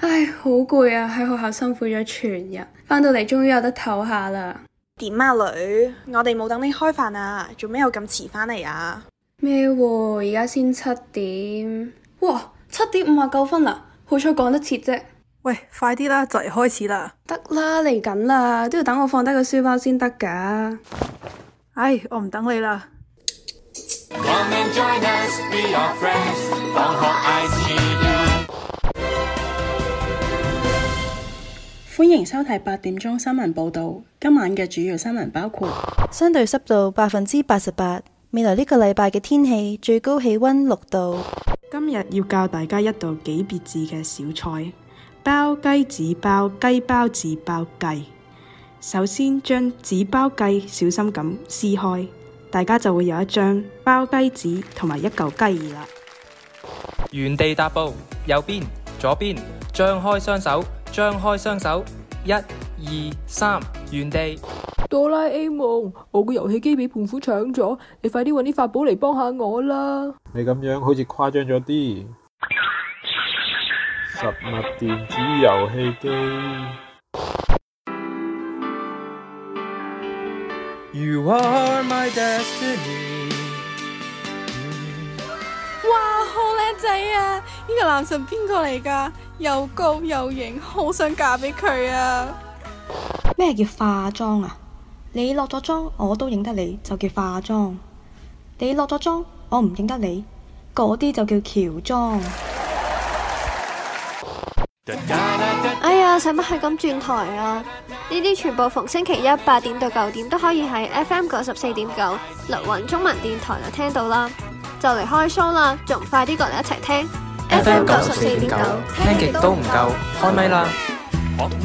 唉，好攰啊！喺學校辛苦咗全日，翻到嚟終於有得唞下啦。點啊女，我哋冇等你開飯啊，做咩又咁遲翻嚟啊？咩？而家先七點？哇，七點五十九分啦，好彩講得切啫，啊。喂，快啲啦，就嚟開始啦。得啦，嚟緊啦，都要等我放低個書包先得噶。唉，我唔等你啦。歡迎收睇，八點鐘新聞報道。今晚嘅主要新聞包括相對濕度百分之八十八。未來呢個禮拜嘅天氣最高氣溫六度。今日要教大家一道幾別緻嘅小菜——包雞紙包雞，包，雞包紙包雞。首先將紙包雞小心咁撕開，大家就會有一張包雞紙同埋一嚿雞翼啦。原地踏步，右邊，左邊，張開雙手。張開雙手，一、二、三，原地。哆啦 A 夢，我個遊戲機畀胖虎搶咗，你快啲揾啲法寶嚟幫下我啦！你咁樣好似誇張咗啲。實物電子遊戲機。哇，好靚仔啊！呢個男神邊個嚟噶？又高又型，好想嫁俾佢啊！咩叫化妝啊？你落咗妝，我都認得你，就叫化妝。你落咗妝，我唔認得你，嗰啲就叫喬裝。 哎呀，使乜係咁轉台啊？呢啲全部逢星期一八點到九點都可以喺 FM 九十四點九綠雲中文電台就聽到啦。就嚟開 show 啦，仲快啲過嚟一齊聽！FM 九十四點九，聽極都唔夠，開咪啦！學問.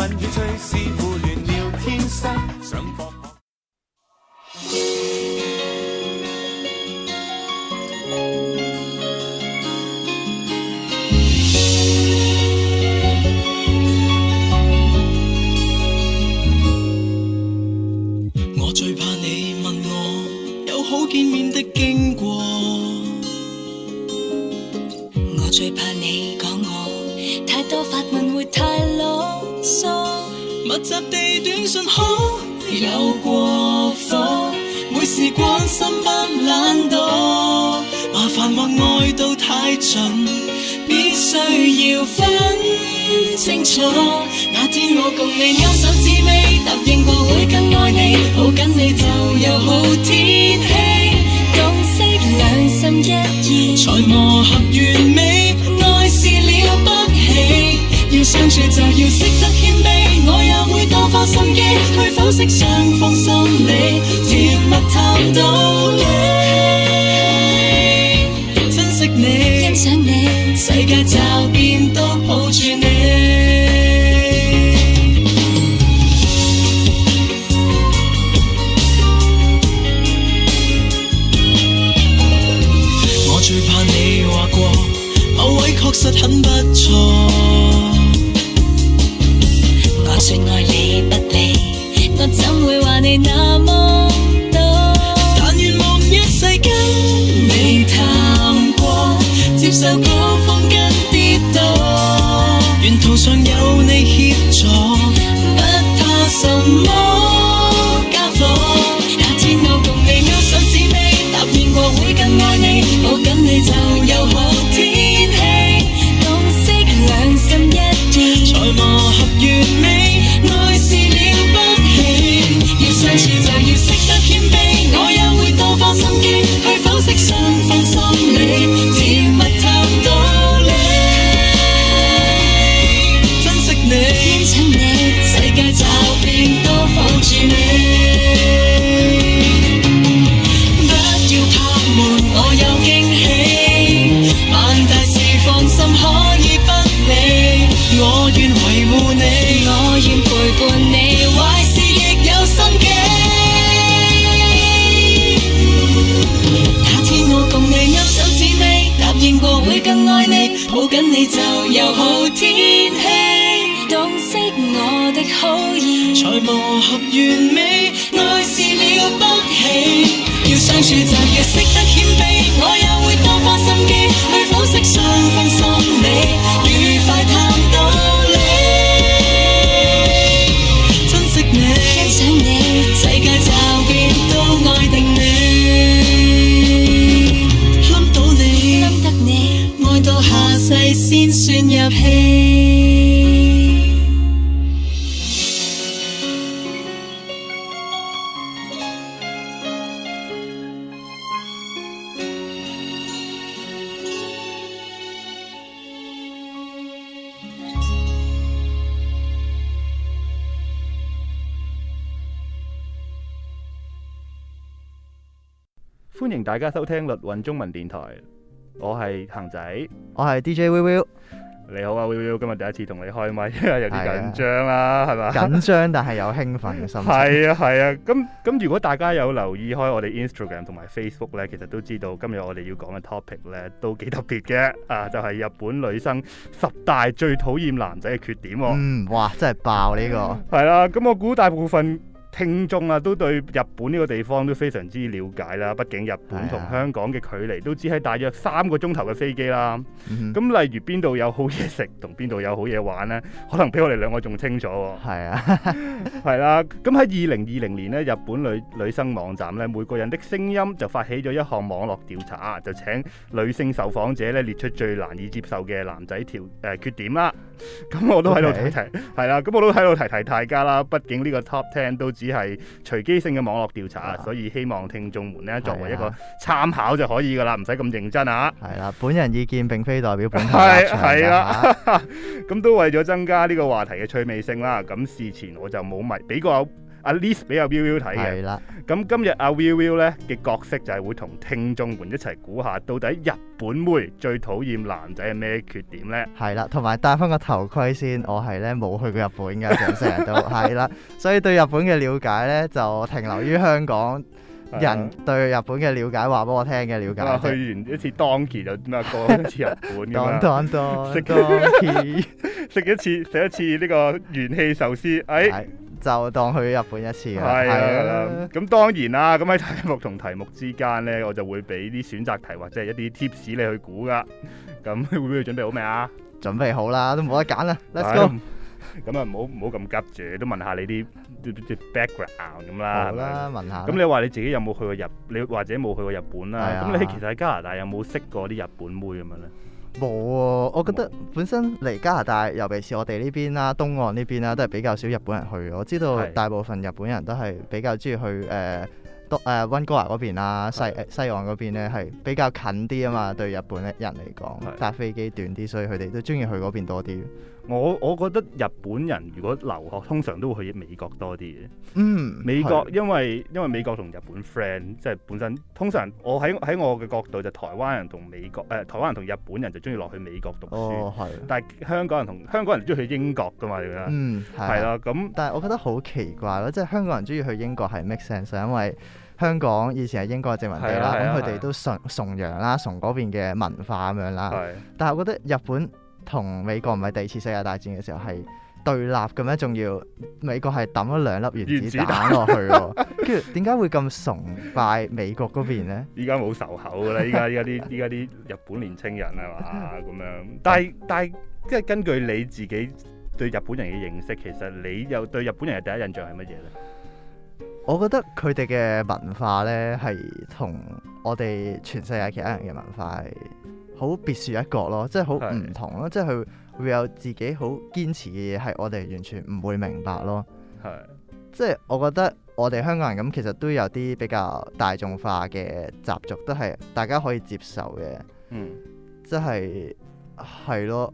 大家收聽律雲中文電台，我係恒仔，我係 DJ Will Will。你好啊 Will Will，今日第一次同你開咪， 有啲緊張啦，係嘛、啊？緊張吧但係有興奮嘅心情。係啊係啊，咁咁、啊、如果大家有留意開我哋 Instagram 同埋 Facebook 咧，其實都知道今日我哋要講嘅 topic 咧都幾特別嘅啊，就係、是、日本女生十大最討厭男仔嘅缺點哦、啊。嗯，哇，真係爆呢、這個。係啦、啊，咁、啊、我估大部分。聽眾啊，都對日本呢個地方都非常之了解啦。畢竟日本同香港嘅距離都只係大約三個鐘頭嘅飛機啦。咁、嗯、哼例如邊度有好嘢食，同邊度有好嘢玩咧，可能比我哋兩個仲清楚喎。係啊，係啦、 啊。咁喺二零二零年咧，日本女女生網站咧，每個人的聲音就發起咗一項網絡調查，就請女性受訪者咧列出最難以接受嘅男仔條誒缺點啦。咁我都喺度提提，係啦 Okay.、啊。咁我都喺度提提大家啦。畢竟呢個 top ten 都。只係隨機性嘅網絡調查啊，所以希望聽眾們咧作為一個參考就可以㗎啦，唔使咁認真啊。係啦、啊，本人意見並非代表本台、啊。係係啦，咁、啊、 都為咗增加呢個話題嘅趣味性啦，咁事前我就冇埋俾個。阿 Liz 俾阿 Will Will 睇嘅，係啦。咁今日阿 Will Will 咧嘅角色就係會同聽眾們一齊估下，到底日本妹最討厭男仔係咩缺點咧？係啦，同埋戴翻個頭盔先。我係咧冇去過日本噶，成日都係啦。所以對日本嘅了解咧，就停留於香港人對日本嘅了解，話俾我聽嘅了解。去完一次 Donki 就咩過一次日本噶啦，食當期食一次食一次呢個元氣壽司，哎。就當去日本一次啦。係啊，咁當然啦。咁喺題目同題目之間咧，我就會俾啲選擇題或者係一啲 tips 你去估噶。咁你會唔會準備好未啊？準備好啦，都冇得揀啦。Let's go。咁啊，唔好唔好咁急住，都問下你啲 background 咁啦。好啦，問下。咁你話你自己有冇去過日？你或者冇去過日本啦。咁你其實喺加拿大有冇識過啲日本妹咁樣咧？冇啊，我覺得本身嚟加拿大，尤其是我哋呢邊啦、啊，東岸呢邊啦、啊，都係比較少日本人去。我知道大部分日本人都係比較中意去誒東誒溫哥華嗰邊啦、啊，西、呃、西岸嗰邊呢係比較近啲啊嘛，對日本人嚟講，搭飛機短啲，所以佢哋都中意去嗰邊多啲。我我覺得日本人如果留學，通常都會去美國多啲嘅。嗯，美國因為因為美國同日本 friend，即係本身通常我喺喺我嘅角度就台灣人同美國誒、哎、台灣人同日本人就中意落去美國讀書、哦。但係香港人同香港人中意去英國噶嘛而家。你覺得嗯，係啦。咁。 但係我覺得好奇怪咯，即係香港人中意去英國係 make sense，因為香港以前係英國殖民地啦，咁佢哋都崇崇洋啦，崇嗰邊嘅文化咁樣啦。但係我覺得日本。同美國唔係第二次世界大戰嘅時候係對立咁咩？仲要美國係抌咗兩粒原子彈落子去、啊，跟住點解會咁崇拜美國嗰邊咧？依家冇仇口啦！依家依家啲依家啲日本年青人啊，咁樣。但係 但係即係根據你自己對日本人嘅認識，其實你又對日本人嘅第一印象係乜嘢咧？我覺得佢哋嘅文化咧，係同我哋全世界其他人嘅文化。好別樹一格咯，即係好唔同咯，是即係佢會有自己好堅持嘅嘢，係我哋完全唔會明白咯。係是，即係我覺得我哋香港人咁，其實都有啲比較大眾化嘅習俗，都係大家可以接受嘅。嗯，即係係咯，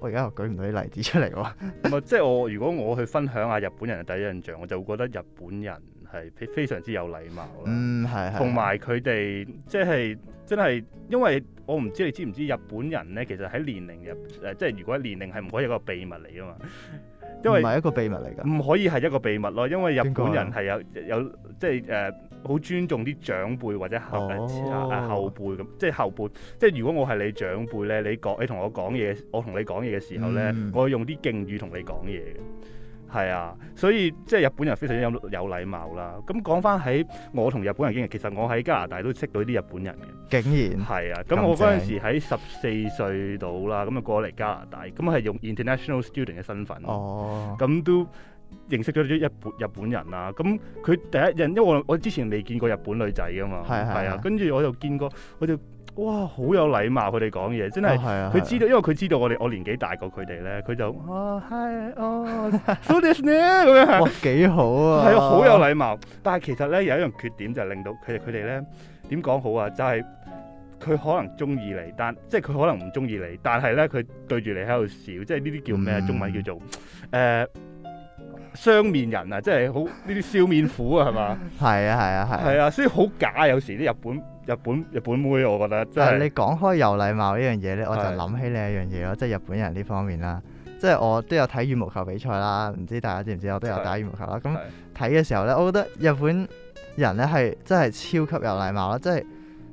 我而家又舉唔到啲例子出嚟喎、嗯。即係我如果我去分享下日本人嘅第一印象，我就會覺得日本人係非常之有禮貌咯。嗯，係，同埋佢哋即係。真係，因為我唔知你知唔知日本人咧，其實喺年齡入誒、呃，即係如果年齡係唔可以一個秘密嚟啊嘛，因為唔係一個秘密嚟噶，唔可以係一個秘密咯，因為日本人係有、啊、有即係誒，好、呃、尊重啲長輩或者後輩啊後咁，即係、哦呃、後輩，即係如果我係你長輩咧，你講你同我講嘢，我同你講嘢嘅時候咧，嗯、我會用啲敬語同你講嘢嘅。係啊，所以即係日本人非常之有有禮貌啦。咁、嗯、講翻喺我同日本人經歷，其實我喺加拿大都識到啲日本人嘅。竟然係啊！咁、嗯、我嗰陣時喺十四歲到啦，咁、嗯、啊過嚟加拿大，咁、嗯、係用 International Student 嘅身份，咁、哦嗯、都認識咗啲日本日本人啦。咁、嗯、佢、嗯嗯嗯、第一印象，因為我我之前未見過日本女仔噶嘛，係啊的的，跟住我又見過我就。哇，好有禮貌，佢哋講嘢真係，佢、哦啊、知道，啊、因為佢知道我哋我年紀大過佢哋咧，佢就啊 hi 哦，so nice 咁樣，hi, oh, 哇 幾好啊，係啊，好有禮貌。但係其實咧有一樣缺點就係令到佢哋佢哋咧點講好啊，就係、是、佢可能中意你，但即係佢可能唔中意你，但係咧佢對住你喺度笑，即係呢啲叫咩、嗯、中文叫做誒、呃、雙面人面 啊，即係好呢啲笑面虎啊，係嘛？係啊係啊係啊，係啊，所以好假。有時啲日本。 日本日本妹，我覺得真係。你講開有禮貌呢樣嘢呢，我就諗起另一樣嘢咯，即係日本人呢方面啦。即係我都有睇羽毛球比賽啦，唔知大家知唔知我都有打羽毛球啦。咁睇嘅時候呢，我覺得日本人呢係真係超級有禮貌啦。即係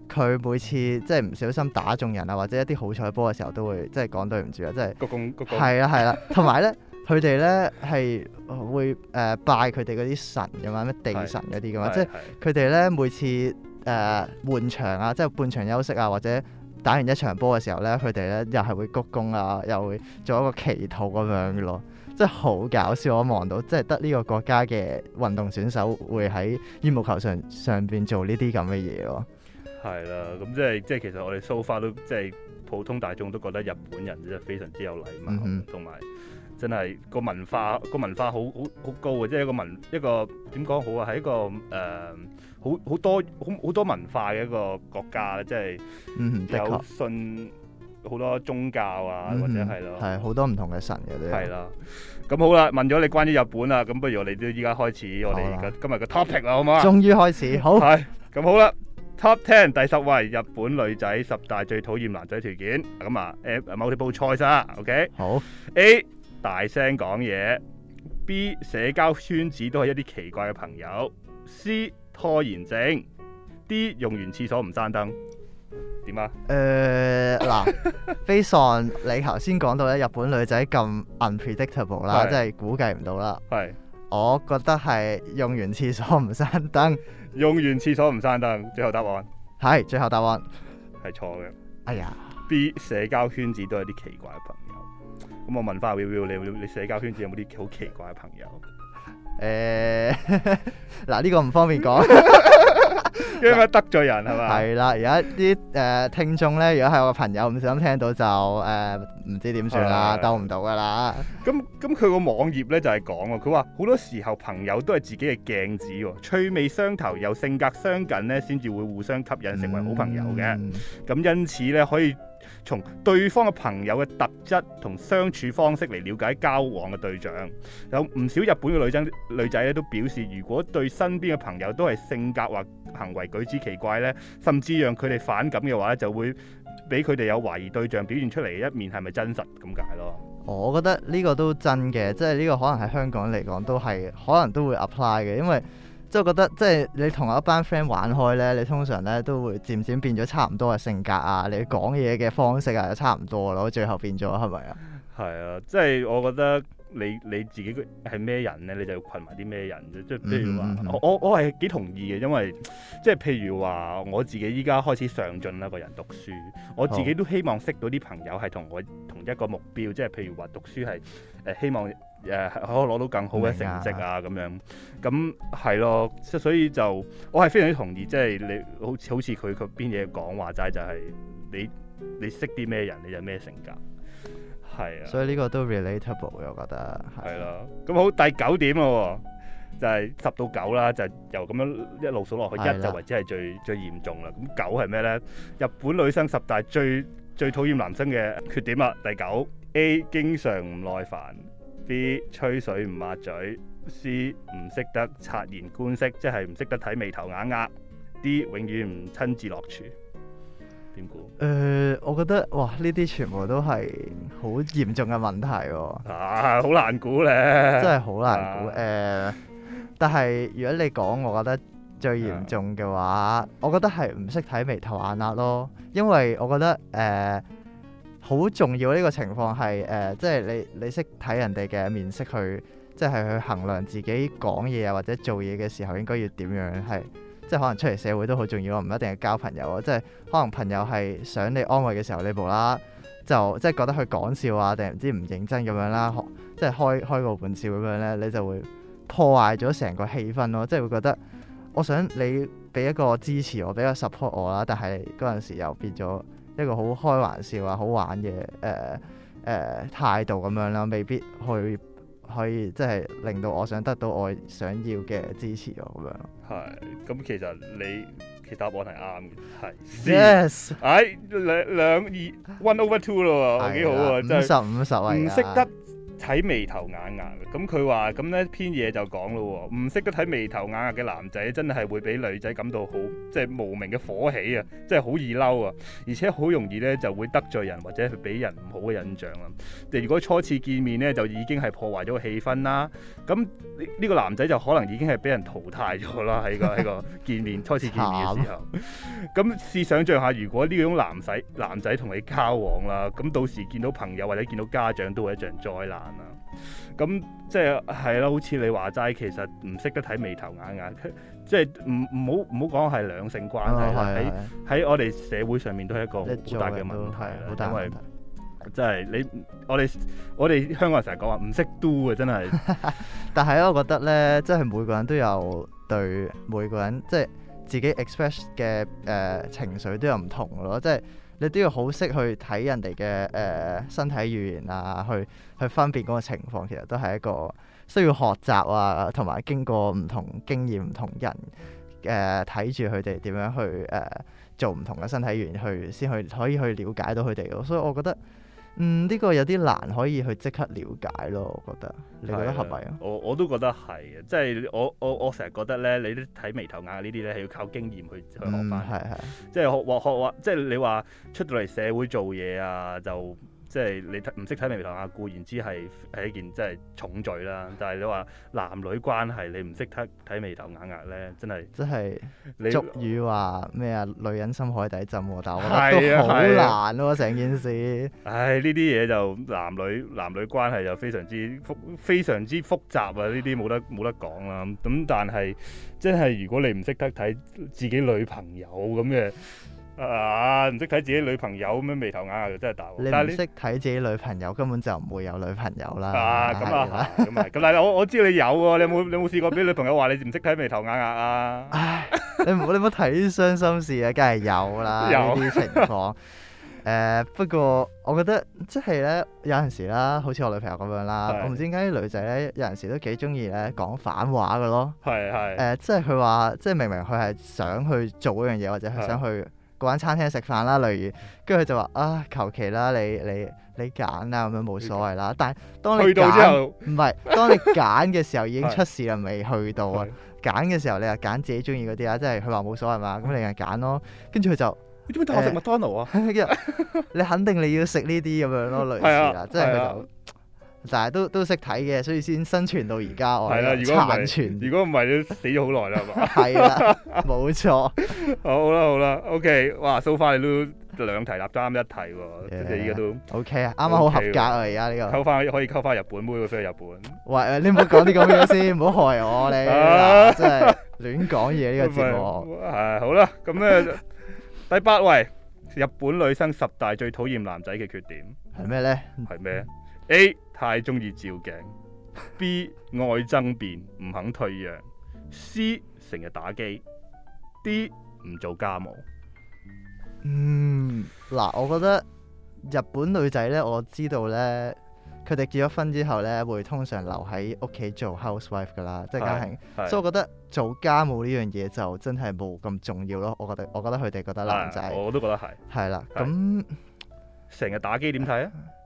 佢每次即係唔小心打中人啊，或者一啲好彩波嘅時候，都會即係講對唔住啊，即係鞠躬鞠躬。係啦係啦，同埋呢，佢哋呢係會誒拜佢哋嗰啲神嘅嘛，咩地神嗰啲嘅嘛，即係佢哋呢每次。誒、呃、換場啊，即係半場休息啊，或者打完一場波嘅時候呢，佢哋呢又係會鞠躬啊，又會做一個祈禱咁、啊、樣嘅、啊、咯，即係好搞笑、啊！我望到即係得呢個國家嘅運動選手會喺羽毛球場上邊做呢啲咁嘅嘢咯。係啦、啊，咁即係即係其實我哋 so far 都即係普通大眾都覺得日本人真係非常之有禮貌，同埋、嗯、哼真係個文化個文化好好好高嘅、啊，即係一個文一個點講好啊，係一個誒。呃好好多好好多文化嘅一個國家，即係有信好多宗教啊，嗯、或者係咯，係好多唔同嘅神嘅，係啦。咁好啦，問咗你關於日本啦，咁不如我哋都依家開始我哋今日嘅 topic 啦，好唔好啊？終於開始，好。係咁好啦，Top Ten 第十位日本女仔十大最討厭男仔條件。咁好啊，誒、okay? 好，multiple choice 啦，OK。好 A 大聲講嘢，B 社交圈子都係一啲奇怪嘅朋友，C。拖延症，啲用完廁所唔閂燈，點啊？誒、呃，嗱，非常 你頭先講到咧，日本女仔咁 unpredictable 啦的，即係估計唔到啦。係的，我覺得係用完廁所唔閂燈， 用完廁所唔閂燈，最後答案係最後答案係錯嘅。哎呀，B 社交圈子，都有啲奇怪嘅朋友。咁我問翻 Will Will，你你，你社交圈子有冇啲好奇怪嘅朋友？誒，嗱呢 個唔方便講，因為得罪人係嘛，係啦。 而家啲誒聽眾咧，如果係我嘅朋友，唔小心聽到就誒，唔、呃、知點算啦，兜唔到噶啦。咁咁佢個網頁咧就係、是、講，佢話好多時候朋友都係自己嘅鏡子，趣味相投又性格相近呢，先至會互相吸引成為好朋友嘅。咁、嗯、因此咧可以。從對方嘅朋友嘅特質同相處方式嚟了解交往嘅對象，有唔少日本嘅女仔女仔咧，都表示如果對身邊嘅朋友都係性格或行為舉止奇怪咧，甚至讓佢哋反感嘅話，就會俾佢哋有懷疑對象表現出嚟嘅一面係咪真實咁解咯。我覺得呢個都真嘅，即係呢個可能喺香港嚟講都係可能都會 apply 嘅，因為。即係覺得，即係你同一班 friend 玩開咧，你通常咧都會漸漸變咗差唔多嘅性格啊，你講嘢嘅方式啊，又差唔多咯。最後變咗係咪啊？係啊，即係我覺得你你自己係咩人咧，你就要羣埋啲咩人啫。即係譬如話、嗯嗯，我我我係幾同意嘅，因為即係譬如話，我自己依家開始上進啦，個人讀書，我自己都希望識到啲朋友係同我同一個目標，好即係譬如話讀書係誒、呃、希望。誒可攞到更好嘅成績啊！咁樣咁係咯，所以就我係非常之同意，即係你好似好似佢邊嘢講話齋，就係你你識啲咩人，你就咩性格係啊。所以呢個都 relatable，我覺得係咯。咁好，第九點啊，就係十到九啦，就由咁樣一路數落去一就為之係最是的 最嚴重啦。咁九係咩咧？日本女生十大最最討厭男生嘅缺點啊。第九 A 經常唔耐煩。B 吹水唔抹嘴，C 唔識得察言觀色，即係唔識得睇眉頭眼額，D 永遠唔親自落廚。點估？誒、呃，我覺得哇，呢啲全部都係好嚴重嘅問題喎。啊，好難估咧，真係好難估。誒、啊呃，但係如果你講，我覺得最嚴重嘅話，啊、我覺得係唔識睇眉頭眼額咯，因為我覺得誒。呃好重要呢個情況係誒、呃，即係你你識睇人哋嘅面色去，即係去衡量自己講嘢啊或者做嘢嘅時候應該要點樣係，即係可能出嚟社會都好重要啊，唔一定係交朋友啊，即係可能朋友係想你安慰嘅時候呢步啦，就即係覺得佢講笑啊定唔知唔認真咁樣啦，即係開開個玩笑咁樣呢，你就會破壞咗成個氣氛咯，即係會覺得我想你俾一個支持我，俾個 support 我啦，但係嗰陣時又變咗。一個好開玩笑啊，好玩嘅誒誒態度咁樣啦，未必去可以即係令到我想得到我想要嘅支持啊咁樣。係，咁其實你其他答案係啱嘅。係，Yes，哎兩兩,兩二 one over two 咯喎，幾 好啊，真係五十五十啊，唔識得。睇眉頭眼眼嘅，咁佢話咁呢篇嘢就講咯喎，唔識得睇眉頭眼眼嘅男仔，真係會俾女仔感到好即係無名嘅火起啊，即係好易嬲啊，而且好容易呢就會得罪人或者係俾人唔好嘅印象啦。即係如果初次見面呢，就已經係破壞咗個氣氛啦。咁呢個男仔就可能已經係俾人淘汰咗啦，喺個喺個見面 初次見面嘅時候。咁 試想像下，如果呢種男仔男仔同你交往啦，咁到時見到朋友或者見到家長都會一場災難。咁即係咯，好似你話齋，其實唔識得睇眉頭眼眼，即係唔唔好唔好講係兩性關係喺喺我哋社會上面都係一個好大嘅問題好大問題，因為真係你我哋我哋香港人成日講話唔識 do 啊，真係。 但係我覺得咧，即係每個人都有對每個人即係自己 express 嘅誒、呃、情緒都有唔同咯，即係你都要好識去睇人哋嘅誒身體語言啊，去。去分辨嗰個情況，其實都係一個需要學習啊，同埋經過唔同經驗、唔同人誒睇住佢哋點樣去誒做唔同嘅身體語言去，先去可以去了解到佢哋咯。所以我覺得，嗯，呢個有啲難可以去即刻了解咯。我覺得你覺得係咪啊？我我都覺得係啊。即係我我我成日覺得咧，你啲睇眉頭眼呢啲咧，係要靠經驗去去學翻。係係、嗯，即係學學學，即係你話出到嚟社會做嘢啊就。即係你睇唔識睇眉頭眼額固，然之係係一件真係、就是、重罪啦。但係你話男女關係你，你唔識得睇眉頭眼額咧，真係真係是你俗語話咩啊？女人心海底針，但我覺得好難咯、啊，成、啊啊、件事。唉、哎，呢啲嘢就男女男女關係就非常之複非常之複雜啊！呢啲冇得冇得講啦。咁但係真係如果你唔識得睇自己女朋友咁嘅。啊！唔識睇自己女朋友咁樣眉頭眼眼，真係大鑊。你唔識睇自己女朋友，根本就唔會有女朋友啦。咁啊，咁啊，咁但係，我知道你有喎、啊。你有冇你有冇試過俾女朋友話你唔識睇眉頭眼眼啊？ 哎、你唔好你唔好睇啲傷心事啊？梗係有啦， 有啲情況。誒、 呃，不過我覺得即係咧，有陣時啦，好似我女朋友咁樣啦。是我唔知點解啲女仔咧，有陣時都幾中意咧講反話嘅咯。係係是、呃。即係佢話，即係明明佢係想去做一樣嘢，或者佢想去是。玩餐廳食飯啦，例如跟住佢就話啊，求其啦，你你你揀啦，咁樣冇所謂啦。但係當你去到之後 ，唔係當你揀嘅時候已經出事啦， 未去到啊。揀嘅 時候，你又揀自己中意嗰啲啊，即係佢話冇所謂嘛，咁 你又揀咯。跟住佢就你點解我食麥當勞啊？ 你肯定，你要食呢啲咁樣咯，類似 啊，即係佢就。但係都都識睇嘅，所以先生存到而家我係啦。殘存如果唔係，如果唔係你死咗好耐啦，係嘛？係啦，冇錯。好啦好啦，OK，哇，so far，你都兩題答啱一題，即係依家都 OK 啊，啱啱好合格啊，而家呢個。溝翻可以溝翻日本妹飛去日本。喂，你唔好講啲咁嘅先，唔好害我你，真係亂講嘢呢個節目。係好啦，咁咧第八位日本女生十大最討厭男仔嘅缺點係咩咧？係咩 A？太中意照鏡 ，B 愛爭辯唔肯退讓 ，C 成日打機，D 唔做家務。嗯，嗱，我覺得日本女仔呢，我知道呢，佢哋結咗婚之後呢，會通常留喺屋企做 housewife 噶啦，即係是家庭。是所以我覺得做家務呢樣嘢就真係冇咁重要咯。我覺得，我覺得佢哋覺得男仔，我都覺得係，係啦，咁成日打機點睇啊？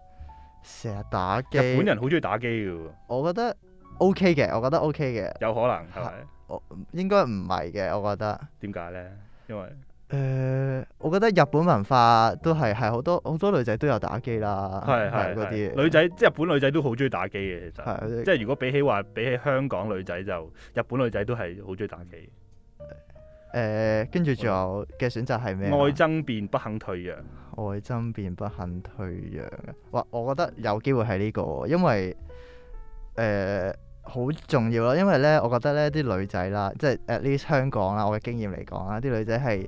成日打機，日本人好中意打機嘅喎、OK。我覺得 OK 嘅，我覺得 OK 嘅。有可能係咪？我應該唔係嘅，我覺得。點解呢？因為誒、呃，我覺得日本文化都係係好多好多女仔都有打機啦，係係嗰啲女仔，即係日本女仔都好中意打機嘅，其實即係如果比起話比起香港女仔就日本女仔都係好中意打機。誒，跟住仲有嘅選擇係咩？愛爭辯，不肯退讓。愛爭辯，不肯退讓嘅。哇，我覺得有機會係呢個，因為誒好重要啦。因為呢，我覺得呢啲女仔啦，即係 at least 香港啦，我嘅經驗嚟講啦，啲女仔係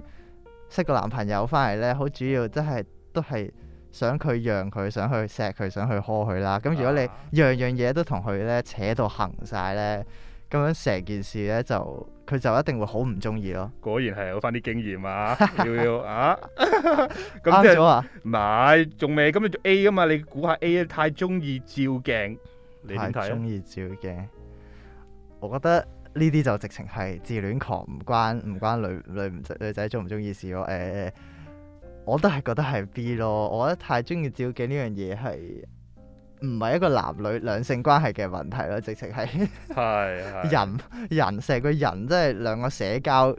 識個男朋友翻嚟呢。好主要即係都係想佢讓佢，想去錫佢，想去呵佢啦。咁如果你樣樣嘢都同佢呢扯到行晒呢，咁樣成件事呢就～佢就一定會好唔中意咯。果然係有翻啲經驗啊，要要 啊，咁即係唔係仲未？咁你做 A 啊嘛？你估下 A 太中意照鏡，你太中意照鏡，我覺得呢啲就直情係自戀狂，唔關唔關女女女，女仔中唔中意事咯。誒、呃，我都係覺得係 B 咯，我覺得太中意照鏡呢樣嘢係。唔係一個男女兩性關係嘅問題咯，直情係 人人成個人，即係兩個社交。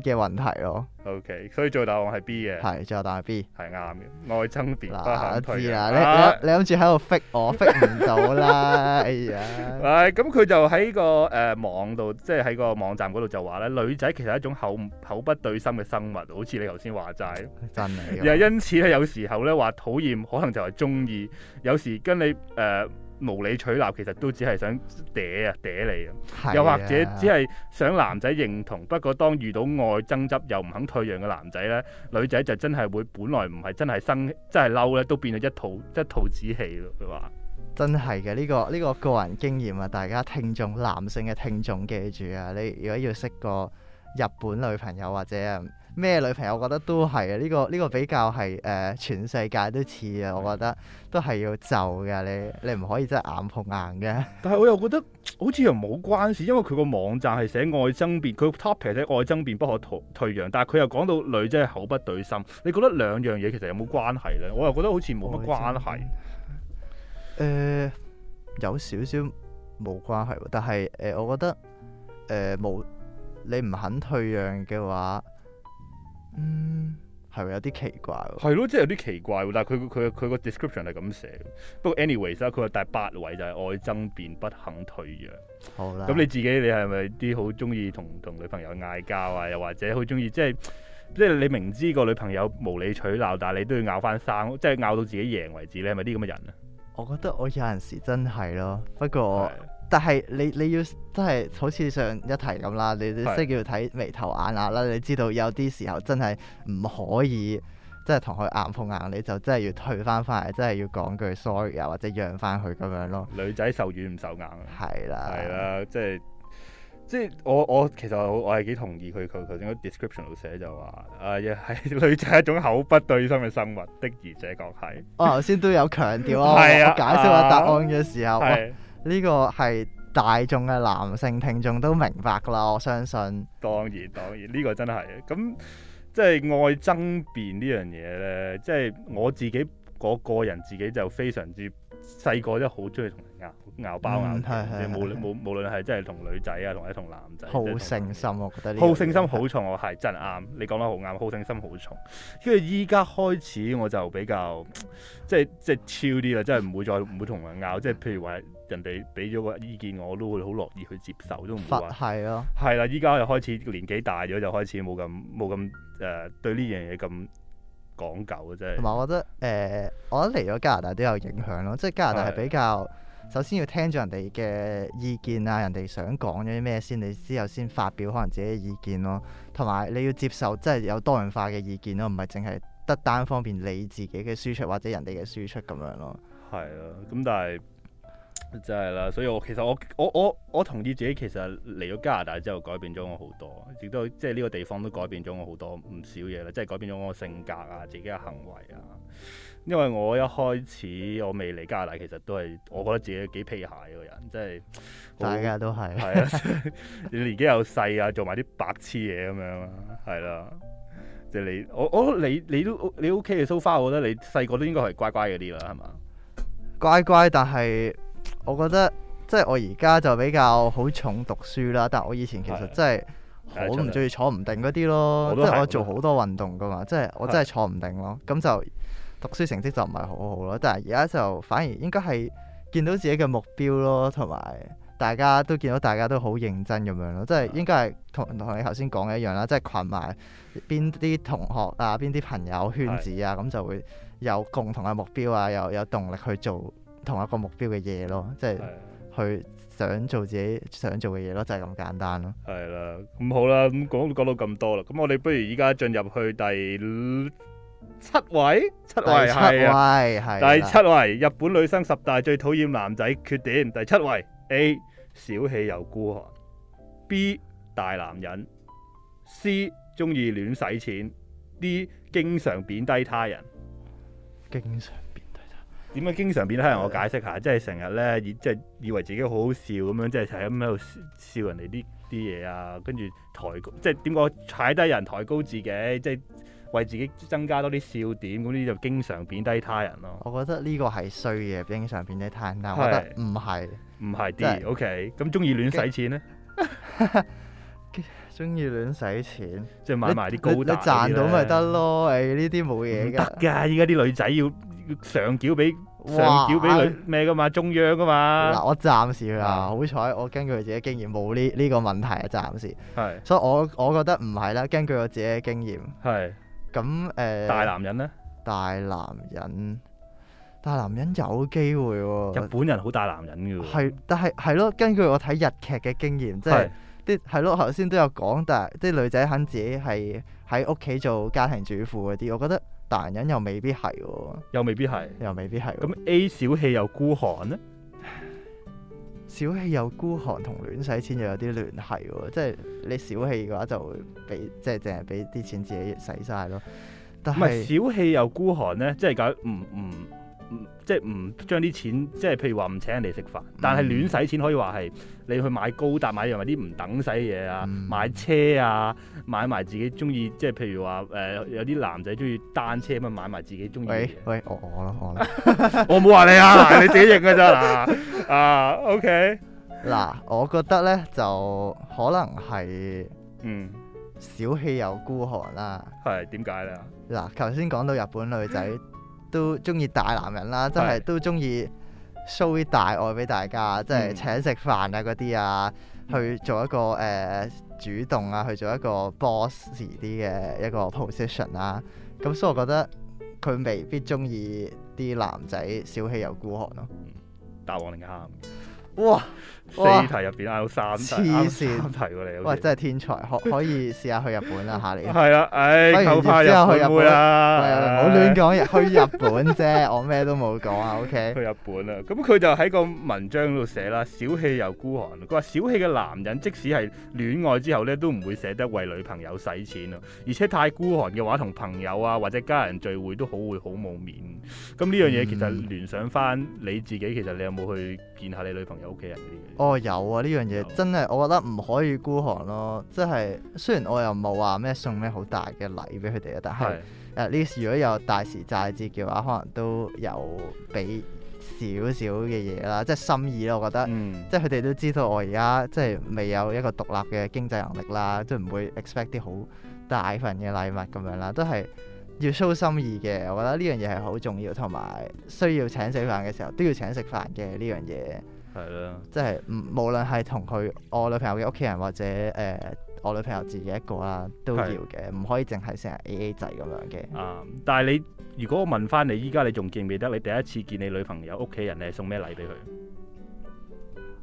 嘅問題咯，哦，OK，所以最大案係 B 嘅，係最大答案係 B，係啱嘅，愛憎別離。知啦，你、啊、你你諗住喺度逼我逼唔 到啦，哎呀！誒、哎，咁佢就喺、個誒、呃、網度，即係喺個網站嗰度就話咧，女仔其實係一種口口不對心嘅生物，好似你頭先話齋，真係。又因此咧，有時候咧話討厭，可能就係鍾意，有時跟你誒。呃無理取鬧其實都只係想嗲啊嗲你啊，又或者只係想男仔認同。不過的當遇到愛爭執又唔肯退讓嘅男仔呢，女仔就真係會本來唔係真係生真係嬲呢，都變咗一肚一肚子氣咯。佢話真係嘅呢個呢、呢個個人經驗啊，大家聽眾，男性嘅聽眾記住啊，你如果要識個日本女朋友或者啊～咩女朋友，我覺得都係啊！呢個呢個比較係誒、呃，全世界都似啊。我覺得都係要就嘅，你你唔可以真係硬碰硬嘅。 但係我又覺得好似又冇關事，因為佢個網站係寫愛爭辯，佢個 topic 係愛爭辯不可退讓，但係佢又講到女仔係口不對心。你覺得兩樣嘢其實有冇關係呢？我又覺得好似冇乜關係。誒、呃，有少少冇關係，但係誒、呃，我覺得誒冇、呃、你唔肯退讓嘅話。嗯，係咪有啲奇怪？係咯，即係有啲奇怪，但係佢佢佢個 description 係咁寫。不過 anyways，佢話第八位就係愛爭辯，不肯退讓。好啦，咁你自己你係咪啲好中意同同女朋友嗌交啊？又或者好中意即係即係你明知個女朋友無理取鬧，但係你都要拗翻生，即係拗到自己贏為止？你係咪啲咁嘅人啊？我覺得我有陣時真係咯，不過我但係你你要真係好似上一題咁啦，你你識要睇眉頭眼額啦，你知道有啲時候真係唔可以，即係同佢硬碰硬，你就真係要退翻翻嚟，真係要講句 sorry 啊，或者讓翻佢咁樣咯。女仔受軟唔受硬啊？係啦的，係啦，即係即係我我其實我係幾同意佢佢佢喺 description 度寫就話啊，係、呃、女仔係一種口不對心嘅生物的而且確係。我頭先都有強調啊，我解釋個答案嘅時候。Uh, 呢個係大眾嘅男性聽眾都明白㗎喇，我相信。當然當然，呢、這個真係，咁即係愛爭辯呢樣嘢呢，即係我自己。個個人自己就非常之細個，都好中意同人拗拗爆。拗、嗯。係係，無論係真係同女仔啊，同一同男仔。好勝心，我覺得。好勝心好重，我係真係啱。你講得好啱，好勝心好重。跟住依家開始，我就比較即係即係超啲啦，即係唔會再唔會同人拗。即係譬如話，人哋俾咗個意見，我都會好樂意去接受，都唔會話係咯。係啦，依家又開始年紀大咗，就開始冇咁冇咁誒對呢樣嘢咁。講究嘅啫，同埋我覺得，誒、呃，我覺得嚟咗加拿大都有影響咯。即係加拿大係比較，是的 首先要聽咗人哋嘅意見啊，人哋想講咗啲咩先，你之後先發表可能自己嘅意見咯。同埋你要接受，即係有多元化嘅意見咯，唔係淨係得單方面你自己嘅輸出或者人哋嘅輸出咁樣咯。係、嗯、啊，咁但係。真係啦，所以我其實我我我我同意自己，其實嚟咗加拿大之後改變咗我好多，亦都即係呢個地方都改變咗我好多唔少嘢啦。即係改變咗我性格啊，自己嘅行為啊。因為我一開始，我未嚟加拿大，其實都係我覺得自己幾屁鞋嘅人，即係大家都係，係啊。 你年紀又細啊，做埋啲白痴嘢咁樣啊，係啦。即係你我我你你都你 O K 嘅 so far，我覺得你細個都應該係乖乖嗰啲啦，係嘛？乖乖，但係。我覺得即係我而家就比較好重讀書啦，但係我以前其實的真係好唔鍾意坐唔定嗰啲咯，即係我做好多運動㗎嘛，即係我真係坐唔定咯。咁的就讀書成績就唔係好好咯。但係而家就反而應該係見到自己嘅目標咯，同埋大家都見到大家都好認真咁樣咯，即係應該係同同你頭先講嘅一樣啦，即係群埋邊啲同學啊，邊啲朋友圈子啊，咁的就會有共同嘅目標啊，又有，有，有動力去做。同一個目標嘅嘢咯，即係去想做自己想做嘅嘢咯，就係咁簡單咯。係啦，咁好啦，咁講講到咁多啦，咁我哋不如依家進入去第七位，七位係啊，第七位日本女生十大最討厭男仔缺點，第七位 A 小氣又孤寒，B 大男人，C 中意亂使錢，D 經常貶低他人，經常。點解經常貶低人？我解釋下，即係成日咧，即係以為自己好好笑咁樣，即係成咁喺度笑，笑人哋啲啲嘢啊，跟住抬高，即係點講？踩低人，抬高自己，即係為自己增加多啲笑點。咁呢就經常貶低他人咯。我覺得呢個係衰嘢，經常貶低他人。但我覺得唔係，唔係啲 OK。咁中意亂使錢咧？中意 亂使錢，即係買埋啲高大啲啊！你你你賺到咪得咯？誒、哎，呢啲冇嘢噶，得噶。依家啲女仔要。上繳俾上繳俾女咩㗎嘛？中央㗎嘛？嗱、啊，我暫時啊，好彩，我根據自己經驗冇呢呢個問題啊，暫時係，是所以我我覺得唔係啦，根據我自己嘅經驗係咁誒。是呃、大男人呢？大男人，大男人有機會喎、啊。日本人好大男人嘅喎。係，但係係咯，根據我睇日劇嘅經驗，即係啲係咯，頭先都有講，但係啲女仔肯自己係喺屋企做家庭主婦嗰啲，我覺得。男人又未必係，又未必係，又未必係。咁 A 小氣又孤寒呢？ 小氣又孤寒同亂使錢又有啲聯繫喎，即係你小氣嘅話就俾即係淨係俾啲錢自己使晒咯。但係小氣又孤寒呢？即係講唔唔。嗯嗯即係唔將啲錢，即係譬如話唔請人哋食飯，但係亂使錢可以話係你去買高達買樣啲唔等使嘢啊，嗯、買車啊，買埋自己中意，即係譬如話誒、呃、有啲男仔中意單車咁樣買埋自己中意。喂喂，我我我咧，我唔好話你啊， 你自己認噶咋嗱啊， 啊？OK，嗱，我覺得咧就可能係嗯小氣又孤寒啦。係點解咧？嗱， 頭先講到日本女仔。 都中意大男人啦，真係都中意 show 大愛俾大家，的即係請食飯啊嗰啲啊，嗯、去做一個誒、呃、主動啊，去做一個 boss 啲嘅一個 position 啦、啊。咁所以我覺得佢未必中意啲男仔小氣又孤寒咯、啊。大王令喊哇！四題入邊嗌到三題，黐線，三題過嚟。哇！真係天才，可可以試下去日本啦，下你。係啊，誒，翻完之後去日本啦。好亂講，去日本啫，我咩都冇講啊。O K。去日本啦，咁佢就喺個文章度寫啦，小氣又孤寒。佢話小氣嘅男人，即使係戀愛之後咧，都唔會捨得為女朋友使錢啊。而且太孤寒嘅話，同朋友啊或者家人聚會都好會好冇面。咁呢樣嘢其實聯想翻你自己，其實你有冇去見下你女朋友屋企人嗰啲？哦，有啊！呢樣嘢真係，我覺得唔可以孤寒咯。即係雖然我又冇話咩送咩好大嘅禮俾佢哋啊，但係誒呢次如果有大時大節嘅話，可能都有俾少少嘅嘢啦，即係心意咯。我覺得、嗯、即係佢哋都知道我而家即係未有一個獨立嘅經濟能力啦，都唔會 expect 啲好大份嘅禮物咁樣啦，都係要 show 心意嘅。我覺得呢樣嘢係好重要，同埋需要請食飯嘅時候都要請食飯嘅呢樣嘢。係啦，即係無論係同佢我女朋友嘅屋企人或者誒、呃、我女朋友自己一個啦，都要嘅，唔的可以淨係成日 A A 制咁樣嘅。啊、嗯！但係你如果我問翻你，依家你仲記唔記得你第一次見你女朋友屋企人，你係送咩禮俾佢？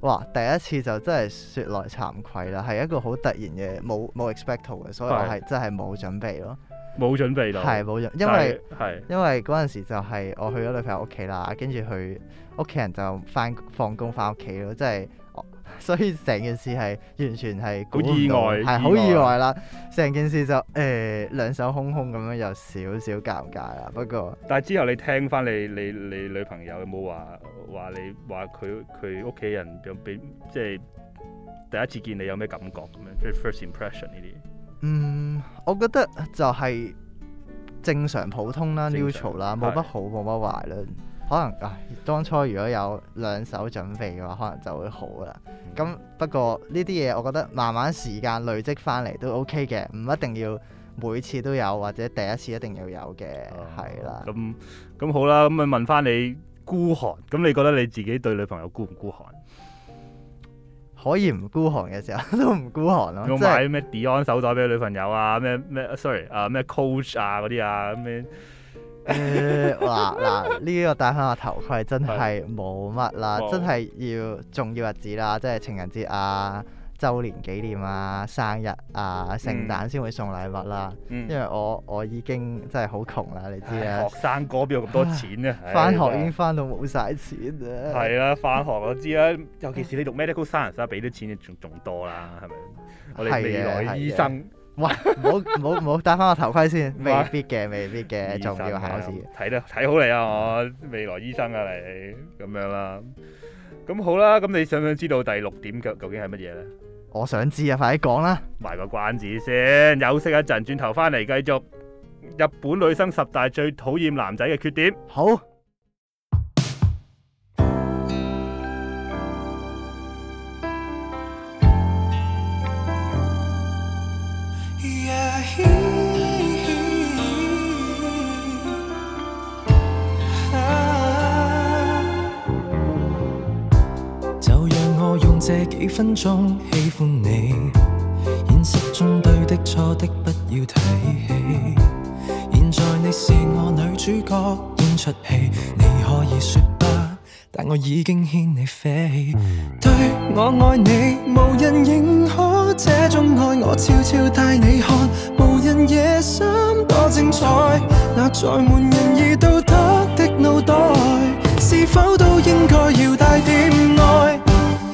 哇！第一次就真係說來慚愧啦，係一個好突然嘅，冇冇 expect 到嘅，所以我係的真係冇準，準備咯，冇準備到，係冇準備，因為係因為嗰陣時就係我去咗女朋友屋企啦，跟住佢。屋企人就翻放工翻屋企咯，即係，所以成件事係完全係好意外，係好意外啦。成外件事就誒兩手空空咁樣，又少少尷尬啦。不過，但係之後你聽翻你你你女朋友有冇話話你話佢佢屋企人有俾即係第一次見你有咩感覺咁樣？即 first impression 呢啲？嗯，我覺得就係正常普通啦常，neutral 啦，冇乜的好，冇乜壞啦。可能啊，當初如果有兩手準備嘅話，可能就會好啦。咁不過呢啲嘢，我覺得慢慢時間累積翻嚟都 OK 嘅，唔一定要每次都有或者第一次一定要有嘅，係、嗯、啦。咁咁、嗯、好啦，咁啊問翻你孤寒，咁你覺得你自己對女朋友孤唔孤寒？可以唔孤寒嘅時候 都唔孤寒咯、啊。有冇、就係、買咩 Dion 手袋俾女朋友啊？咩咩 sorry 啊咩 Coach 啊嗰啲啊咩？誒，嗱嗱， 呢、這個戴翻個頭盔真係冇乜啦，哦、真係要重要日子啦，即係情人節啊、周年紀念啊、生日啊、聖誕先會送禮物啦。嗯、因為我我已經真係好窮啦，你知啊、哎？學生哥邊有咁多錢啊？翻 學已經翻到冇晒錢啦、啊。 係啊，翻學我知啊，尤其是你讀 medical science，而家俾啲錢你仲仲多啦，係咪？我哋未來醫生。哇！唔好好好戴翻個頭盔先，未必嘅，未必嘅仲要考試。睇得睇好你啊，我未來醫生啊你咁樣啦。咁好啦，咁你想唔想知道第六點嘅究竟係乜嘢咧？我想知啊，快啲講啦。埋個關子先，休息一陣，轉頭翻嚟繼續。日本女生十大最討厭男仔嘅缺點。好。這幾分鐘喜歡你，現實中對的錯的不要提起。現在你是我女主角，演出戲，你可以說不，但我已經牽你飛。對，我愛你，無人認可這種愛，我悄悄帶你看，無人夜深多精彩。那載滿仁義道德的腦袋，是否都應該要帶點愛？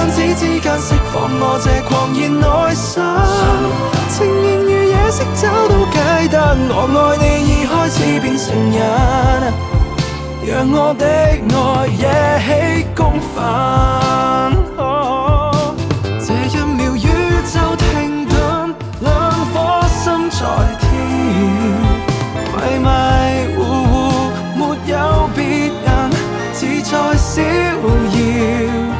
彈指之間釋放我這狂熱內心，情緣如夜色找到解答，我愛你已開始變成癮，讓我的愛惹起公憤。這一秒宇宙停頓，兩顆心在跳，迷迷糊糊沒有別人，自在逍遙。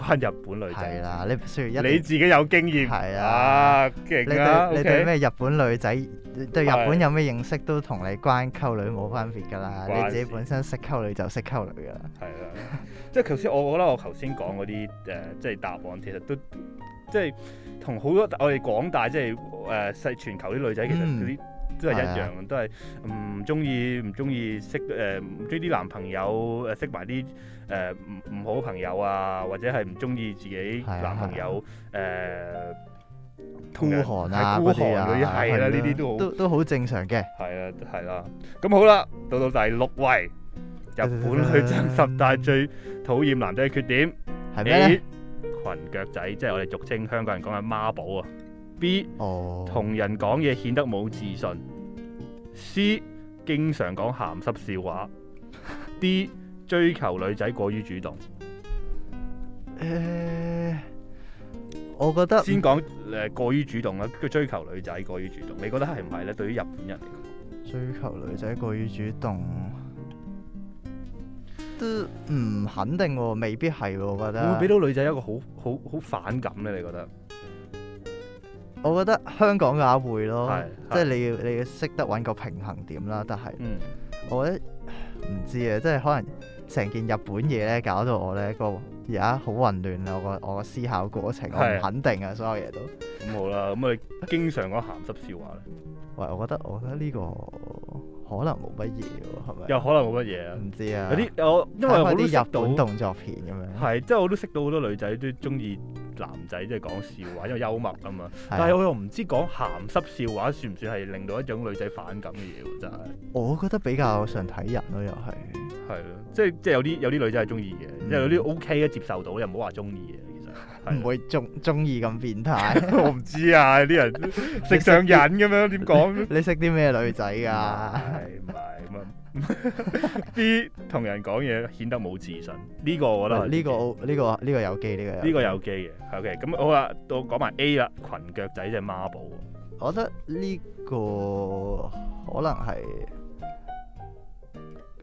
關日本女仔係啦，你不如一你自己有經驗係啦，勁啊！啊啊你對 okay? 你對咩日本女仔，對日本有咩認識都同你關溝女冇分別噶啦。啊、你自己本身識溝女就識溝女噶啦、啊。係啦，即係頭先，我覺得我頭先講嗰啲誒，即係、呃就是、答案，其實都即係同好多我哋廣大即係誒世全球啲女仔，其實嗰啲都係一、嗯啊、一樣，都係唔鍾意唔鍾意識誒，唔鍾意啲男朋友誒識埋啲，誒唔唔好朋友啊，或者係唔中意自己男朋友誒、啊呃、孤寒啊，呃、孤寒女係啦，呢啲都都都好正常嘅。係啊，係啦、啊。咁好啦，到到第六位，日本女生十大最討厭男仔嘅缺點係咩咧？A，裙腳仔，即、就、係、是、我哋俗稱香港人講嘅孖寶啊。B，同、哦、人講嘢顯得冇自信。C，經常講鹹濕笑話。D 追求女仔過於主動，誒、呃，我覺得先講誒過於主動啦。佢追求女仔過於主動，你覺得係唔係咧？對於日本人嚟講，追求女仔過於主動都唔肯定喎、哦，未必係喎。我覺得會俾到女仔一個好好好反感咧。你覺得？我覺得香港嘅話會咯，是即係你，的你要你要識得揾個平衡點啦。但係，嗯、我覺得唔知啊，即係可能。成件日本嘢咧，搞到我咧個而家好混亂啦！我個我個思考過程，是我唔肯定啊，所有嘢都。咁好啦，咁咪經常講鹹濕笑話咧。喂，我覺得我覺得呢個可能冇乜嘢喎，係咪？又可能冇乜嘢啊？唔知啊。有啲我因為我啲日本動作片咁樣。係，即係我都識到好多女仔都中意。男仔即係講笑話，因為幽默啊嘛。但係我又唔知講鹹濕笑話算唔算係令到一種女仔反感嘅嘢喎，真係。我覺得比較常睇人咯，又係。係咯，即係即係有啲有啲女仔係中意嘅，有啲 OK 啊，接受到又唔好話中意嘅。其實。唔會中中意咁變態， 我唔知啊。啲人食上癮咁樣，點講？你識啲咩女仔㗎？ 啲同 B, 人講嘢顯得冇自信，呢、這個我覺得呢、這個呢、這個呢、這個有機呢個呢個有機嘅，OK，咁好啦，到講埋 A 啦，裙腳仔只孖寶，我覺得呢個可能係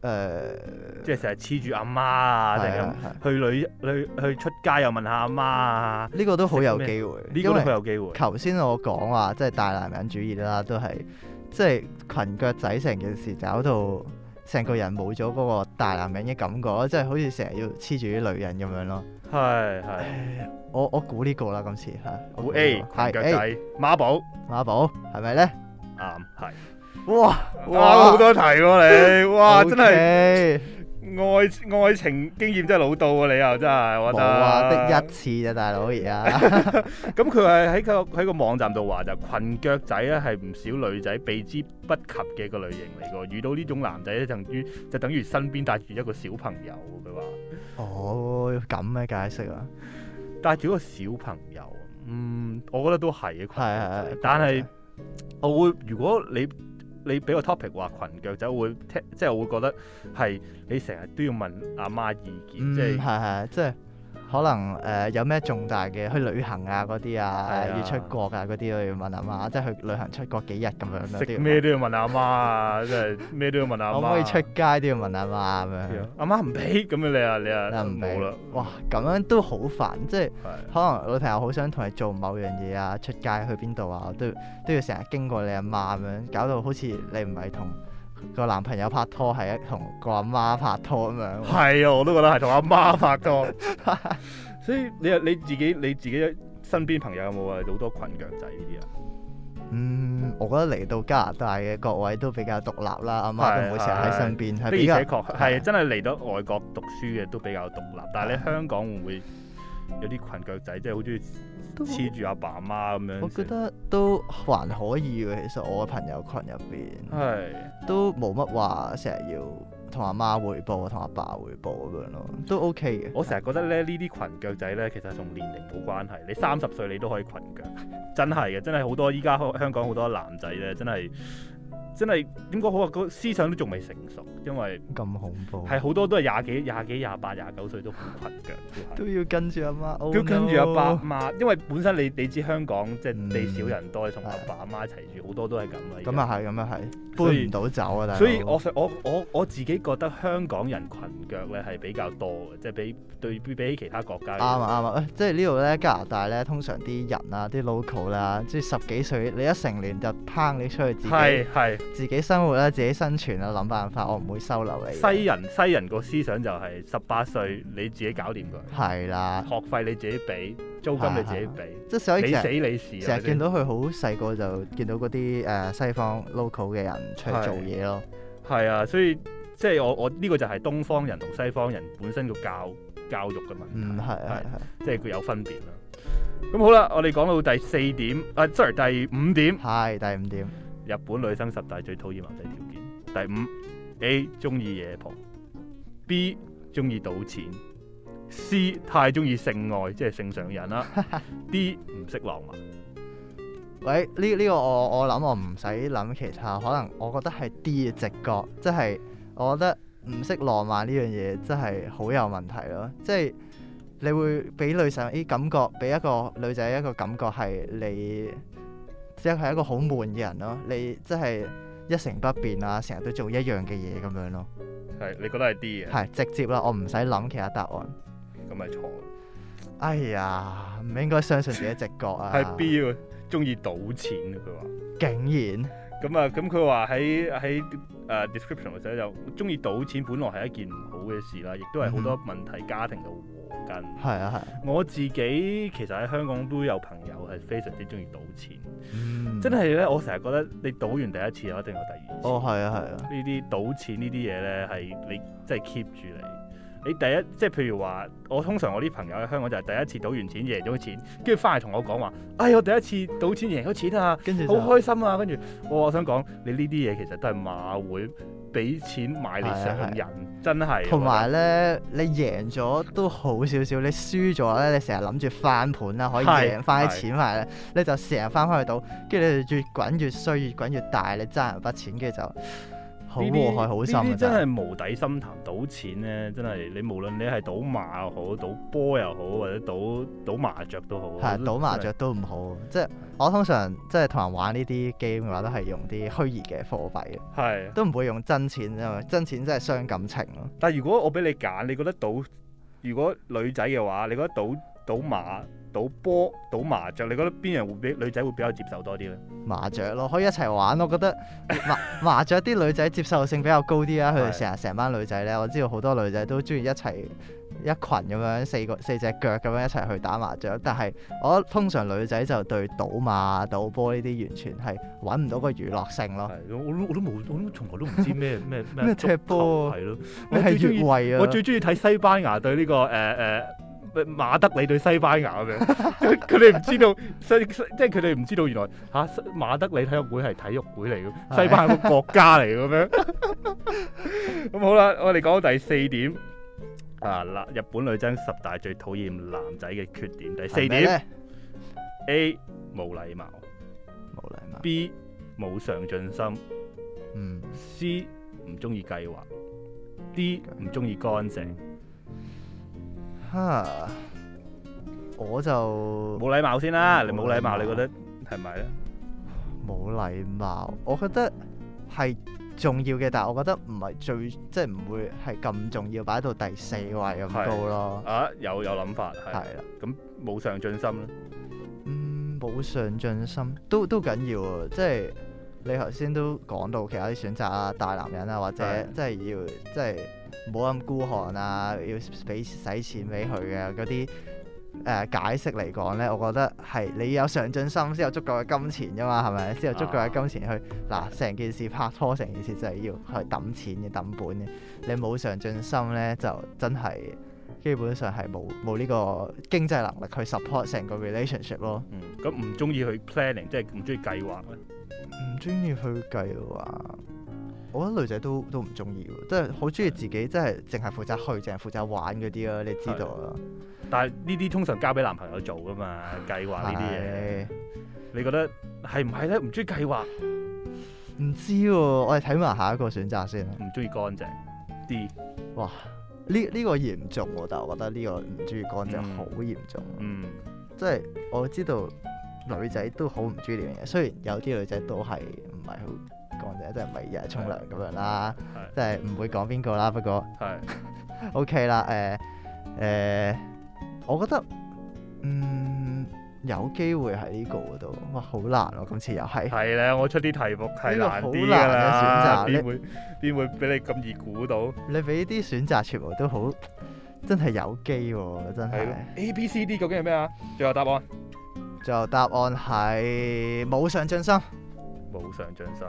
誒，呃、即係成日黐住阿媽，媽啊，定係、啊、去旅旅去出街又問，問下阿媽啊，呢個都好有機會，呢、這個都好因為 有機會。頭先我講話即係大男人主義啦，都係即係裙腳仔成件事搞到。成個人冇咗嗰個大男人嘅感覺，即係好似成日要黐住啲女人咁樣咯。係係， 我我估 寶呢個啦，今次嚇，A 係腳仔，馬寶馬寶係咪咧？啱係，哇哇好哇多題喎、啊、你， 哇 真係～、okay 愛愛情經驗真係老到啊！你又真係，我覺得。冇得一次啊，大佬而家。咁佢係喺個喺個網站度話就是，裙腳仔咧係唔少女仔避之不及嘅個類型嚟噶。遇到呢種男仔咧，等於就等於身邊帶住一個小朋友佢話。哦，咁嘅解釋啊？帶住個小朋友，嗯，我覺得都係嘅。裙腳仔，係係係，但係我會如果你。你俾個 topic 話裙腳仔會聽，即係我會覺得係你成日都要問阿媽意見，嗯、即係係係即係。可能誒、呃、有咩重大嘅去旅行啊嗰啲啊，是啊要出國啊，嗰啲我要問阿媽，媽，即係去旅行出國幾日咁樣，咩都要問阿媽啊，即係咩都要問阿媽，媽。 可唔可以出街都要問阿媽咁樣？阿、啊啊、媽唔俾咁樣你啊你啊，冇啦、啊。啊、了哇，咁樣都好煩，即係的可能女朋友好想同你做某樣嘢啊，出街去邊度啊，都都要成日經過你阿媽咁樣，搞到好似你唔係同。個男朋友拍拖係一同個阿媽拍拖咁樣，係啊，我都覺得係同阿媽拍拖。 所以你啊，你自己你自己身邊朋友有冇啊好多裙腳仔呢啲啊？嗯，我覺得嚟到加拿大嘅各位都比較獨立啦，阿媽都唔會成日喺身邊，的的而且確係真係嚟到外國讀書嘅都比較獨立。的但係你香港會唔會有啲裙腳仔，即係好中意？黐住阿爸阿媽咁樣，我覺得都還可以嘅。其實我嘅朋友群入邊，是都冇乜話成日要同阿媽彙報、同阿爸彙報咁樣咯，都 OK 嘅。我成日覺得咧，呢啲裙腳仔咧，其實同年齡冇關係。你三十歲你都可以裙腳，真係嘅，真係好多依家香港好多男仔咧，真係。真係點講好啊？個思想都仲未成熟，因為咁恐怖係好多都係廿幾、廿幾、廿八、廿九歲都好裙腳， 都要跟住阿媽，媽，oh、都跟住阿爸阿媽，媽，因為本身你你知香港即係地少人多，同阿爸阿媽，媽一齊住，好、嗯、多都係咁啊。咁啊係，咁啊係，搬唔到走啊！所以，所以所以我我我我自己覺得香港人裙腳咧係比較多嘅，即係比對比比其他國家。啱啊啱啊，即係呢度咧加拿大咧，通常啲人啊、啲 local 啦，即係十幾歲你一成年就拋你出去自己係自己生活啦，自己生存啦，諗辦法，我唔會收留你。西人西人個思想就係十八歲你自己搞掂佢。係啦，學費你自己俾，租金你自己俾，即係所以成日見到佢好細個就見到嗰啲誒西方 local 嘅人出去做嘢咯。係啊，所以即係我我呢個就係東方人同西方人本身個教教育嘅問題，係係係，即係佢有分別啦。咁好啦，我哋講到第四點啊，sorry，第五點係第五點。日本女生十大最討厭男性條件，第五 A 中意夜蒲，B 中意賭錢，C 太中意性愛，即係性上癮啦 ，D 唔識浪漫。喂，呢呢個我我諗我唔使諗其他，可能我覺得係 D 嘅直覺，即係我覺得唔識浪漫呢樣嘢真係好有問題咯，即係你會俾女上依感覺，俾一個女仔一個感覺係你，只係一個好悶嘅人咯，你真係一成不變啊，成日都做一樣嘅嘢咁樣咯。係，你覺得係 D 嘅？係直接啦，我唔使諗其他答案。咁咪錯。哎呀，唔應該相信自己直覺啊。係 B 喎，中意賭錢啊，佢話。竟然。咁啊，咁佢話喺喺誒 description 嘅時候，就中意賭錢，本來係一件唔好嘅事啦，亦都係好多問題家庭嘅禍根。係啊係。我自己其實喺香港都有朋友係非常之中意賭錢，真係咧，我成日覺得你賭完第一次啊，一定有第二次。哦係啊係啊。呢啲、啊、賭錢呢啲嘢咧，係你真係 keep 住嚟。你第一即係譬如話，我通常我啲朋友喺香港就係第一次賭完錢贏咗錢，跟住翻嚟同我講話：哎我第一次賭錢贏咗錢啊，跟住好開心啊！跟住，我想講，你呢啲嘢其實都係馬會俾錢買你上嘅人，是是是真係。同埋咧，你贏咗都好少少，你輸咗咧，你成日諗住翻盤啦，可以贏翻啲錢翻嚟咧，是是你就成日翻返去賭，跟住你就越滾越衰，越滾越大，你爭人筆錢，跟住就。好咯，係好深，真係無底深潭，賭錢咧，真係你無論你係賭馬又好，賭波又好，或者賭賭麻雀都好，係賭麻雀都唔好。即係我通常即係同人玩呢啲 game 嘅話，都係用啲虛擬嘅貨幣，係的都唔會用真錢啊！因為真錢真係傷感情咯。但係如果我俾你揀，你覺得賭如果女仔嘅話，你覺得賭？賭馬、賭波、賭麻雀，你覺得邊樣會比女仔會比較接受多啲咧？麻雀咯，可以一齊玩。我覺得麻 麻雀啲女仔接受性比較高啲啊。佢哋成日成班女仔咧，我知道好多女仔都中意一齊一群咁樣四個四隻腳咁樣一齊去打麻雀。但係我覺得通常女仔就對賭馬、賭波呢啲完全係揾唔到個娛樂性咯。我都我都冇，我都從來都唔知咩咩咩踢波係咯。我係越位啊！我最中意睇西班牙對呢個誒誒。呃呃馬德里對西班牙咁樣，佢哋唔知道，即係佢哋唔知道原來吓、啊、馬德里體育會係體育會嚟嘅。嗎西班牙係個國家嚟嘅咩？咁 好啦，我哋講第四點 啊，日本女仔十大最討厭男仔嘅缺點，第四點 A 冇禮貌，冇禮貌；B 冇上進心，嗯；C 唔中意計劃；D 唔中意乾淨。嗯吓、啊，我就冇禮貌先啦。你冇禮貌，你覺得係咪咧？冇禮貌，我覺得係重要嘅，但係我覺得唔係最，即係唔會係咁重要，擺到第四位咁高咯。啊，有有諗法啊？係啦，咁冇的上進心咧。嗯，冇上進心都都緊要啊！即係你頭先都講到其他啲選擇啊，大男人啊，或者的即係要即係。唔好咁孤寒啊，要俾使錢俾佢嘅嗰啲誒解釋嚟講呢，我覺得係你有上進心先有足夠嘅金錢㗎嘛，係咪先有足夠嘅金錢去嗱成、啊、件事拍拖，成件事就係要去揼錢嘅揼本嘅。你冇上進心呢，就真係基本上係冇冇呢個經濟能力去 support 成個 relationship 咯。嗯，咁唔中意去 planning，即係唔中意計劃咧？唔中意去計劃。就是我覺得女仔都都唔中意喎，即係好中意自己，即係淨係負責去，淨係負責玩嗰啲咯，你知道啦。但係呢啲通常交俾男朋友做㗎嘛，計劃呢啲嘢。是的 你覺得係唔係咧？唔中意計劃？唔知喎、啊，我哋睇埋下一個選擇先。唔中意乾淨啲？哇！呢呢、呢個嚴重喎，但我覺得呢個唔中意乾淨好嚴重。嗯。即係我知道女仔都好唔中意呢樣嘢，雖然有啲女仔都係唔係好。講者即係唔係日日沖涼咁樣啦，即係唔會講邊個啦。不過是的 ，OK 啦，誒、呃、誒、呃，我覺得嗯有機會喺呢、這個度。哇好難喎、啊，今次又係係啦，我出啲題目係難啲嘅選擇，邊你會邊會俾你咁易估到？你俾啲選擇全部都好真係有機喎、啊，真係 A、B、C、D 究竟係咩啊？最後答案，最後答案係冇上進心，冇上進心。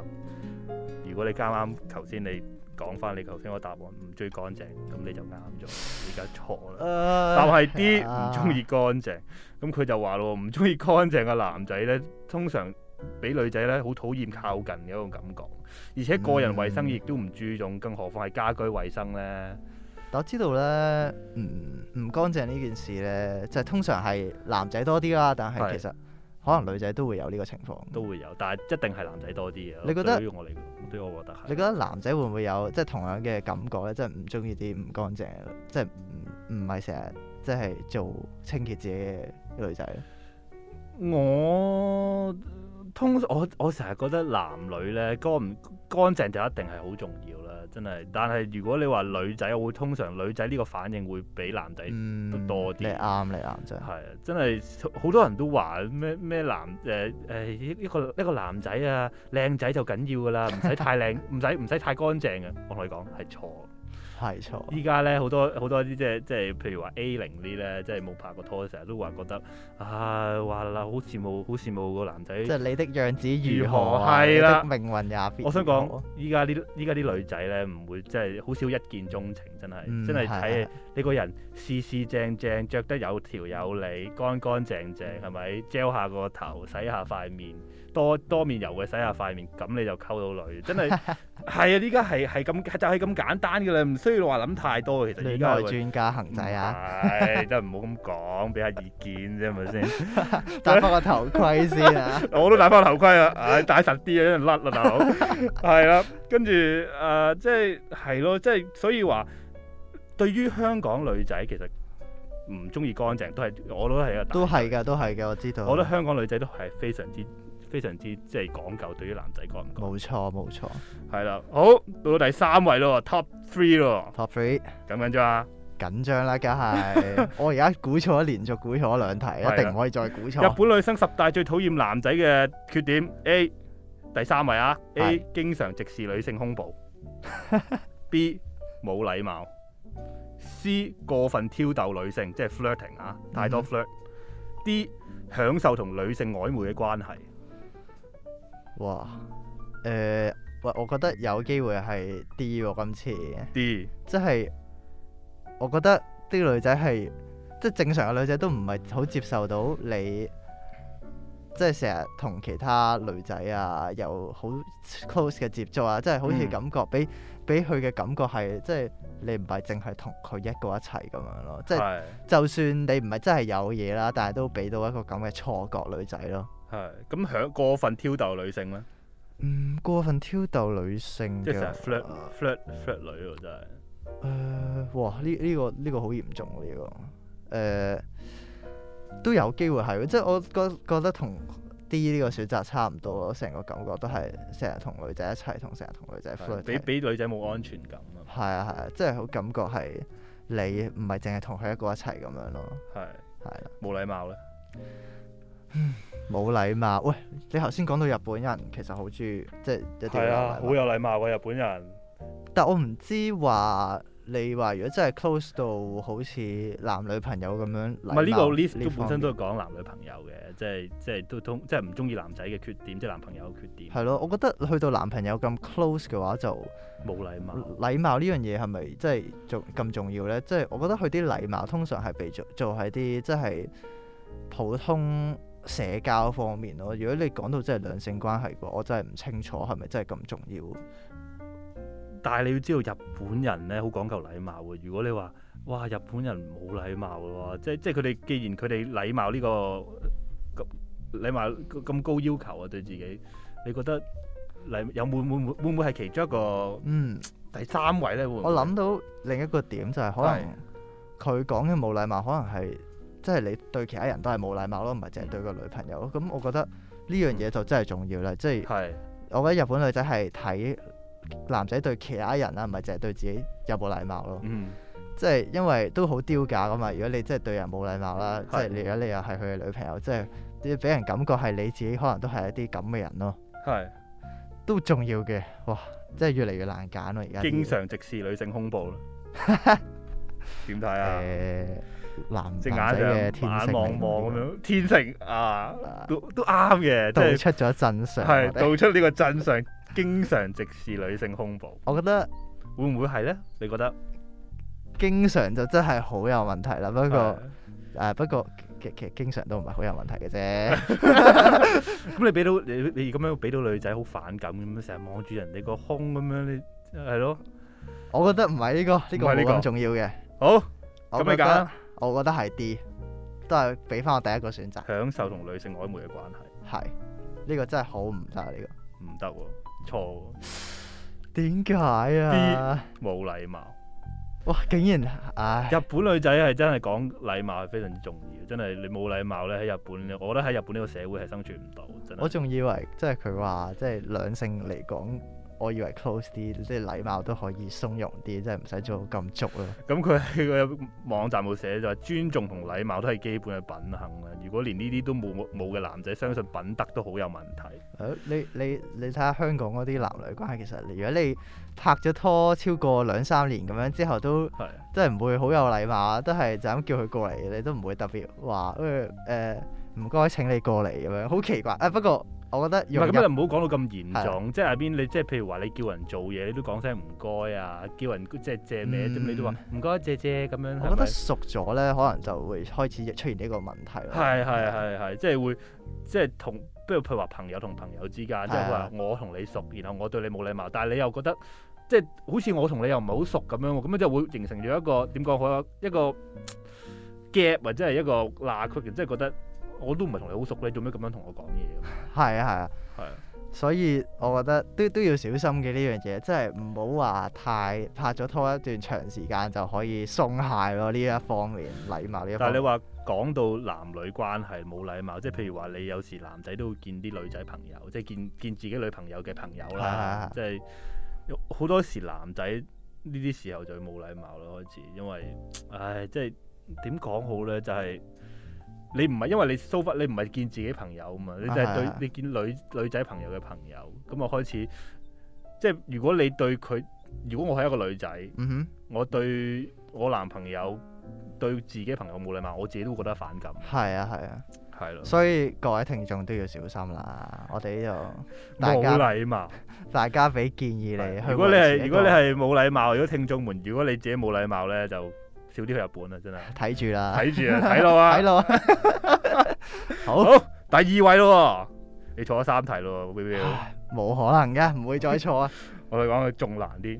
如果你啱啱頭先你講翻你頭先個答案唔追乾淨，咁你就啱咗，而家錯啦。呃、但係啲唔中意乾淨，咁佢、呃、就話咯，唔中意乾淨嘅男仔呢，通常俾女仔呢好討厭靠近嘅一種感覺，而且個人衛生亦都唔注重，嗯、更何況係家居衛生呢？但我知道呢，唔唔乾淨呢件事呢，就係、是、通常係男仔多啲啦，但係其實。可能女仔都會有呢個情況都會有，但係一定係男仔多啲啊，你覺得對於我嚟講，對我覺得係你覺得男仔會唔會有即係、就是、同樣嘅感覺咧？即係唔中意啲唔乾淨，即係唔唔係成日即係做清潔自己嘅女仔咧？我通我我成日覺得男女咧，乾唔乾淨就一定係好重要啦。真係，但係如果你話女仔，我會通常女仔呢個反應會比男仔都多啲、嗯。你啱，你啱啫。係，真係好多人都話咩咩男誒誒一一個一個男仔啊，靚仔就緊要㗎啦，唔使太靚，唔使唔使太乾淨嘅。我同你講係錯。係錯，依家咧，好多好多啲即係即係，譬如話 A 零啲咧，即係冇拍過拖，成日都話覺得啊，哇啦，好羨慕，好羨慕個男仔。即係你的樣子如何，係啦何，的命運也變。我想講，依家啲依家啲女仔咧，唔會即係好少一見鍾情，真係、嗯、真係睇、就是、的你個人，四四正正，着得有條有理，乾乾淨淨，係咪 gel 下個頭，洗下塊面。嗯多多面油嘅洗下塊面，咁你就溝到女，真係係 啊！依家係係咁，就係、是、咁簡單噶啦，唔需要話諗太多。其實，戀愛專家恒仔啊，唉， 真係唔好咁講，俾下意見啫，係咪先？戴翻個頭盔先啊！ 我都戴翻頭盔、哎、哥哥 啊！唉，戴實啲啊，一陣甩啦大佬。係啦，跟住誒，即係係咯，即係所以話，對於香港女仔，其實唔中意乾淨，都係我都係都係噶，都係噶，我知道。 我覺得香港女仔都係非常之。非常之即係講究，對於男仔講唔講？冇錯冇錯，係啦。好到第三位咯，Top Three 咯，Top Three 緊唔緊張啊？緊張啦，梗係 我而家估錯咗，連續估錯兩題， 一定唔可以再估錯。日本女生十大最討厭男仔嘅缺點 A 第三位啊，A 是經常直視女性胸部 ，B 冇禮貌，C 過分挑逗女性，即係 flirting 啊，太多 flirt，D、嗯、享受同女性曖昧嘅關係。哇，誒、呃，我我覺得有機會係啲喎今次，啲即係我覺得啲女仔係即係正常嘅女仔都唔係好接受到你，即係成日同其他女仔啊有好 close 嘅接觸啊，即係好似感覺俾俾佢嘅感覺係即係你唔係淨係同佢一個一齊咁樣咯，即係就算你唔係真係有嘢啦，但係都俾到一個咁嘅錯覺女仔咯。係咁響過分挑逗女性咧？嗯，過分挑逗女性，即係成日 flirt flirt flirt 女喎，真係。誒哇！呢呢個呢個好嚴重喎呢個。誒都有機會係，即係我覺覺得同啲呢個選擇差唔多咯。成個感覺都係成日同女仔一齊，同成日同女仔 flirt。俾俾女仔冇安全感、嗯、啊！係啊係啊，即係好感覺係你唔係淨係同佢一個一齊咁樣咯。係係啦，冇禮、啊、貌咧。嗯嗯，冇禮 貌。喂，你頭先講到日本人，其實好中意，即係一啲係啊，好有禮貌嘅、啊、日本人。但我唔知話你話，如果真係 close 到好似男女朋友咁樣，唔係呢個 list 本身都係講男女朋友嘅，即係即係都通，即係唔中意男仔嘅缺點，即係男朋友嘅缺點。係咯、 啊，我覺得去到男朋友咁 close 嘅話就冇禮貌。禮貌呢樣嘢係咪即係仲咁重要咧？即、就、係、是、我覺得佢啲禮貌通常係被做做喺啲即係普通。社交方面咯，如果你講到真係兩性關係嘅話，我真係唔清楚係咪真係咁重要。但係你要知道日本人咧，好講究禮貌嘅，如果你話哇日本人冇禮貌嘅喎，即即係佢哋既然佢哋禮貌呢、呢個禮貌咁高要求啊，對自己，你覺得禮貌有冇冇冇會唔會係其中一個嗯第三位咧？會會，我諗到另一個點就係可能佢是講嘅冇禮貌，可能係。即係你對其他人都係冇禮貌咯，唔係淨係對個女朋友咯。咁我覺得呢樣嘢就真係重要啦。嗯、即係，我覺得日本女仔係睇男仔對其他人啦，唔係淨係對自己有冇禮貌咯。嗯、即係因為都好丟架噶嘛。如果你真係對人冇禮貌啦，嗯、即係如果你又係佢嘅女朋友，即係你俾人感覺係你自己可能都係一啲咁嘅人咯。係，嗯、都重要嘅。哇，即係越嚟越難揀咯。而家經常直視女性胸部咯，點睇 啊？ 男仔嘅天性，眼望望咁樣，天性啊，都都啱嘅，道出咗真相，係道出呢個真相，經常直視女性胸部。我覺得會唔會係咧？你覺得？經常就真係好有問題啦。不過誒，不過其實其實經常都唔係好有問題嘅啫。咁你俾到你你咁樣俾到女仔好反感咁樣，成日望住人哋個胸咁樣，你係咯？我覺得唔係呢個呢個唔係咁你咁重要嘅。好，咁你講。我覺得係 D，都係俾翻我第一個選擇。享受同女性曖昧嘅關係。係，呢個真係好唔得呢個。唔得喎，錯。點解 啊？D 冇禮貌。哇！竟然唉。日本女仔係真係講禮貌係非常之重要，真係你冇禮貌咧，喺日本，我覺得喺日本呢個社會係生存唔到，真係。我仲以為即係佢話即係兩性嚟講。我以為 close 啲，即係禮貌都可以鬆容啲，即係唔使做到咁足咯。咁佢喺個網站冇寫就話尊重同禮貌都係基本嘅品行啊！如果連呢啲都冇冇嘅男仔，相信品德都好有問題。誒、啊，你你你睇下香港嗰啲男女關係，其實如果你拍咗拖超過兩三年咁樣之後都，的都係真係唔會好有禮貌，都係就咁叫佢過嚟，你都唔會特別話誒誒唔該請你過嚟咁樣，好奇怪啊！不過。我覺得唔係咁，又唔好講到咁嚴重，即係下邊你即係譬如話你叫人做嘢，你都講聲唔該啊，叫人即係借咩咁，謝謝嗯、你都話唔該借借咁樣。我覺得是是熟咗呢，可能就會開始出現呢個問題。係係係係，即係會即係同，譬如話朋友同朋友之間，是的 即係話我同你熟，然後我對你冇禮貌，但係你又覺得即係好似我同你又唔係好熟咁樣，咁樣就係會形成咗一個點講好啊一個 gap 或者係一個罅隙，即係覺得。我都唔係同你好熟，你做咩咁樣同我講嘢？係啊，係啊，係啊，所以我覺得都都要小心嘅呢樣嘢，即係唔好話太拍咗拖一段長時間就可以鬆懈咯呢一方面禮貌呢方面。但係你話講到男女關係冇禮貌，即係譬如話你有時男仔都會見啲女仔朋友，即係見見自己女朋友嘅朋友啦，是啊、即係好多時男仔呢啲時候就冇禮貌咯，開始因為唉，即係點講好呢？就係、是。你唔係因為你 so far，你唔係見自己朋友啊嘛，啊你就係對、啊、你見女女仔朋友嘅朋友，咁我開始，即、就、係、是、如果你對佢，如果我係一個女仔，嗯、哼，我對我男朋友對自己朋友冇禮貌，我自己都覺得反感。係啊係啊，係咯、啊，啊啊、所以各位聽眾都要小心啦。我哋呢度大家禮貌， 大家俾建議你。啊、如果你係如果你係冇禮貌，如果聽眾們，如果你自己冇禮貌咧，就。少啲去日本啊！真係睇住啦，睇住啊，睇咯，睇咯，好，第二位咯，你錯咗三題咯，冇可能嘅，唔會再錯啊！我哋講嘅仲難啲，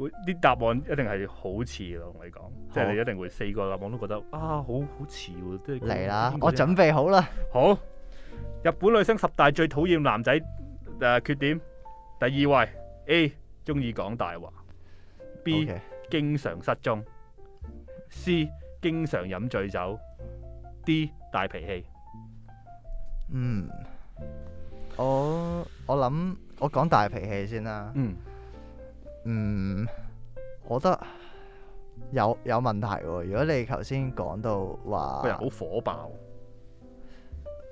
會啲答案一定係好似咯。同你講，即係你一定會四個答案我都覺得啊，好好似，真係嚟啦！我準備好啦，好，日本女生十大最討厭男仔嘅缺點，第二位，A 中意講大話，B 經常失蹤。C 經常飲醉酒，D 大脾氣。嗯，我我諗我講大脾氣先啦。嗯，嗯，我覺得有有問題喎。如果你頭先講到話，個人好火爆。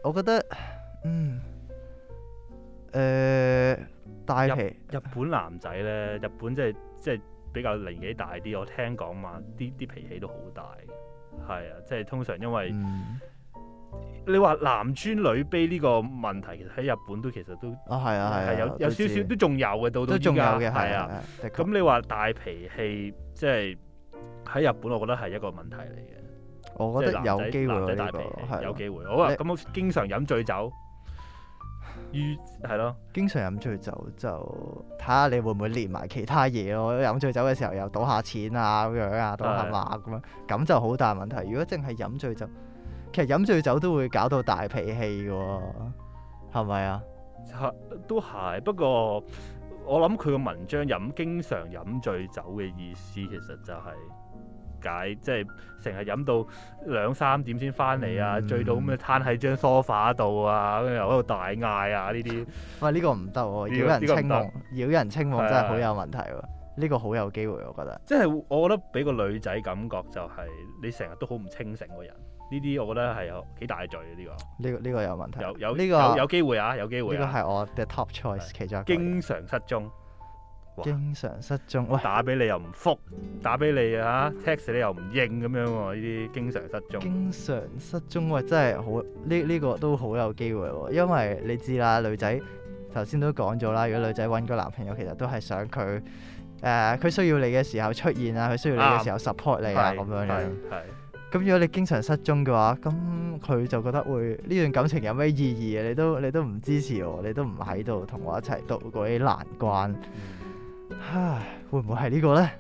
我覺得，嗯，誒、呃，大脾氣。日本男仔咧，日本即係即係。就是比較年紀大啲，我聽講嘛，啲啲脾氣都好大，係啊，即係通常因為你話男尊女卑呢個問題，其實喺日本都其實都啊係啊有有少少都仲有嘅到都仲有嘅，係啊，咁你話大脾氣即係喺日本，我覺得係一個問題嚟嘅。我覺得男仔有機會大脾氣，有機會好啊！咁我經常飲醉酒。於係咯，經常飲醉酒就睇下你會唔會連埋其他嘢咯。飲醉酒嘅時候又賭下錢啊咁樣啊，賭下馬咁樣，咁就好大問題。如果淨係飲醉酒，其實飲醉酒都會搞到大脾氣嘅喎，係咪啊？都係，不過我諗佢個文章飲經常飲醉酒嘅意思其實就係、是。解即係成日飲到兩三點先翻嚟啊，嗯、醉到咁啊，攤喺張梳化度啊，跟住又喺度大嗌啊呢啲，哇呢、哎呢個唔得喎，擾、呢個、人清夢，擾、呢個呢個啊、人清夢真係好有問題喎、啊，呢個好有機會、啊、我覺得，即係我覺得俾個女仔感覺就係你成日都好唔清醒個人，呢啲我覺得係有幾大罪呢、啊呢個。呢、呢個呢、呢個有問題、啊有。有有、呢個、有機會啊，有機會、啊。呢個係我嘅 top choice 其中，經常失蹤。經常失蹤，喂哇！打俾你，啊、你又唔復，打俾你啊，text 你又唔應咁樣喎。呢啲經常失蹤，經常失蹤喂，真係好呢呢、呢個都好有機會喎、啊。因為你知啦，女仔頭先都講咗啦，如果女仔揾個男朋友，其實都係想佢誒，佢、呃、需要你嘅時候出現啊，佢需要你嘅時候 support 你啊，咁樣、啊、樣。係。咁如果你經常失蹤嘅話，咁佢就覺得會呢段感情有咩意義啊？你都你都唔支持我，你都唔喺度同我一齊度過啲難關。嗯唉，會唔會係呢個呢？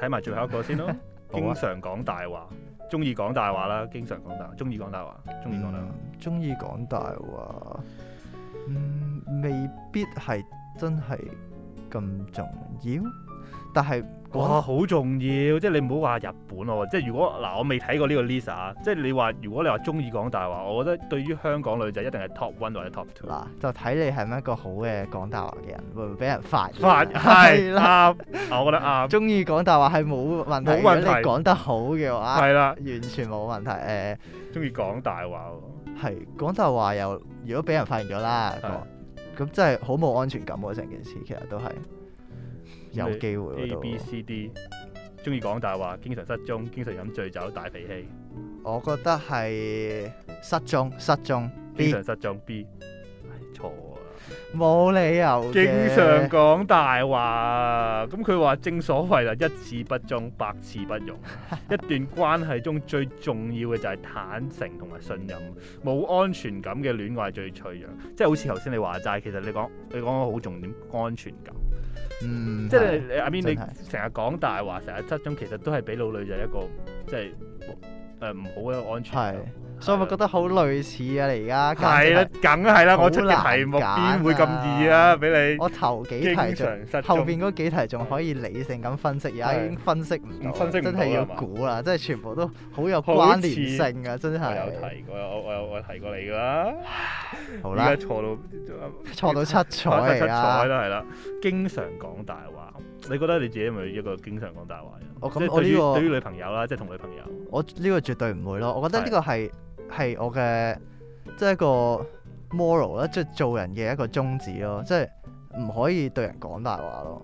睇埋最後一個先咯。 經常講大話，中意講大話啦。經常講大話，中意講大話，中意講大話，中意講大話。嗯，未必係真係咁重要，但係。哇，好、哦哦、重要！即係你唔好話日本咯，即係如果嗱，我未睇過呢個 Lisa，即係你話如果你話中意講大話，我覺得對於香港女仔一定係 top one 或者 top two。嗱，就睇你係咪一個好嘅講大話嘅人，會唔會俾人發現？發現係啱，我覺得啊，中意講大話係冇問題，問題如果你講得好嘅話，係啦了，完全冇問題。誒、呃，中意講大話喎，係講大話又如果俾人發現咗啦，咁的真係好冇安全感喎！成件事其實都係。有機會咯，A、B、C、D，中意講大話，經常失蹤，經常飲醉酒，大脾氣。我覺得係失蹤，失蹤，B、經常失蹤。B 錯啊，冇理由嘅。經常講大話，咁佢話正所謂啦，一次不忠，百次不容。 一段關係中最重要嘅就係坦誠同埋信任，冇安全感嘅戀愛係最脆弱。即係好似頭先你話齋，其實你講你講好重點，安全感。嗯，即係阿邊，你成日講大話，成日失蹤，其實都係俾老女仔一個即係。誒唔好嘅安全，所以咪覺得好類似啊！你而家係啦，梗係啦，我出嘅題目邊會咁易啊？俾你，我頭幾題仲後邊嗰幾題仲可以理性咁分析，而家已經分析唔到，真係要估啦！真係全部都好有關聯性啊！真係有提過，我有我提過你噶啦，好啦，錯到錯到七彩嚟啦，七彩啦係啦，經常講大話。你覺得你自己係咪一個經常講大話？嗯、我咁我呢個對於女朋友啦，即係同女朋友。我呢個絕對唔會咯。我覺得呢個係係我嘅即係一個 moral 啦，即係做人嘅一個宗旨咯。即係唔可以對人講大話咯。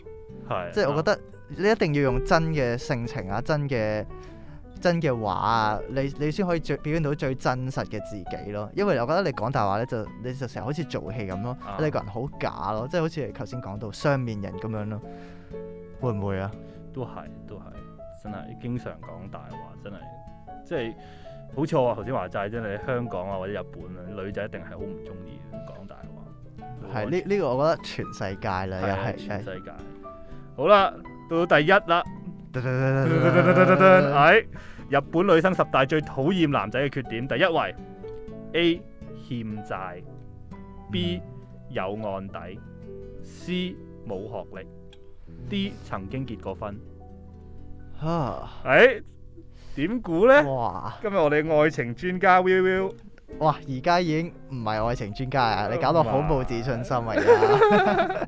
係即係我覺得你一定要用真嘅性情啊，真嘅真嘅話啊，你你先可以最表現到最真實嘅自己咯。因為我覺得你講大話咧，就你就成日好似做戲咁咯，嗯、你個人好假咯，即係好似頭先講到雙面人咁樣咯。會唔會啊？都係，都係，真係經常講大話，真係，即係，好似我頭先話齋，真係喺香港啊或者日本啊，女仔一定係好唔中意講大話。係呢呢個我覺得全世界啦，又係全世界。好啦，到第一啦，喺日本女生十大最討厭男仔嘅缺點，第一位 A 欠債，B 有案底，C 冇學歷。啲曾經結過婚吓，誒、啊，點估呢？呢嘩今日我哋愛情專家 wilwil 哇，而家已經唔係愛情專家啊！你搞到好冇自信心啊？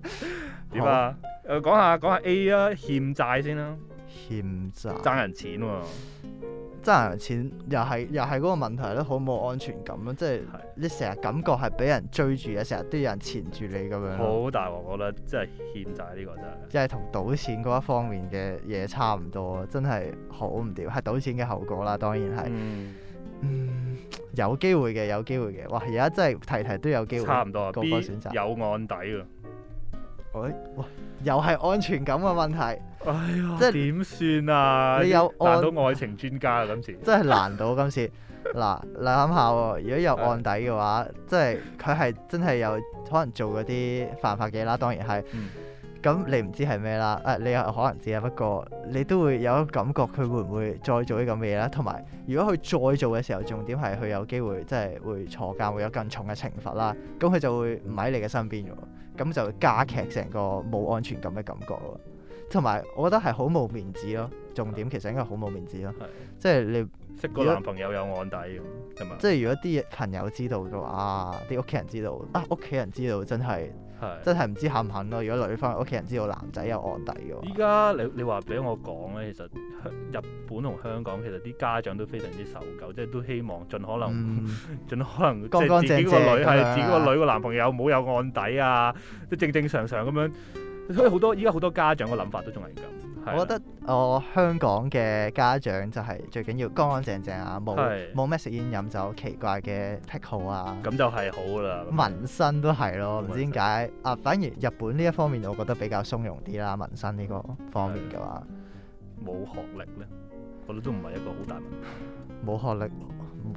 點 好啊？誒、呃，講下講下 A 啊，欠債先啦，啊，欠債債爭人錢，啊。爭人錢又係又係嗰個問題咧，好冇安全感咯，即係你成日感覺係俾人追住啊，成日都有人纏住你咁 樣。好大鑊我覺得，真係欠債呢個真係。即係同賭錢嗰一方面嘅嘢差唔多，真係好唔掂，係賭錢嘅後果啦，當然係。嗯，嗯。有機會嘅有機會嘅，哇！而家真係提提都有機會。差唔多啊，個個選擇。有案底㗎。喂又係安全感嘅問題，哎、呦即係點算啊？你有難倒愛情專家啊？今次真係難倒今次。嗱你諗下，如果有案底嘅話， 即係佢係真係有可能做嗰啲犯法嘅啦，當然係。嗯咁你唔知係咩啦？誒，啊，你又可能知啊，不過你都會有感覺佢會唔會再做啲咁嘅嘢啦。同埋，如果佢再做嘅時候，重點係佢有機會即係會坐監，會有更重嘅懲罰啦。咁佢就會唔喺你嘅身邊，咁就加劇成個冇安全感嘅感覺。同埋，我覺得係好冇面子咯。重點其實應該好冇面子咯。嘅即係你識個男朋友嗰有案底咁，係嘛？即係如果啲朋友知道嘅話，啲屋企人知道啊，屋企人知道，啊，屋企人知道真係。係 真係唔知肯唔肯咯。如果女方屋企人知道男仔有案底嘅話，依家你你話俾我講咧，其實香日本同香港其實啲家長都非常之守舊，即係都希望盡可能、嗯、盡可能即係自己個女係自己個女個男朋友冇有案底啊，即、嗯正，正，啊、正正常常咁樣。所以好多依家好多家長嘅諗法都仲係咁。我覺得我香港嘅家長就係最緊要乾乾淨淨啊，冇冇咩食煙飲，飲酒奇怪嘅癖好啊。咁就係好啦。紋身都係咯，唔知點解啊。反而日本呢一方面，我覺得比較鬆容啲啦。紋身呢個方面嘅話，冇學歷呢，我覺得都唔係一個好大問題。冇 學歷，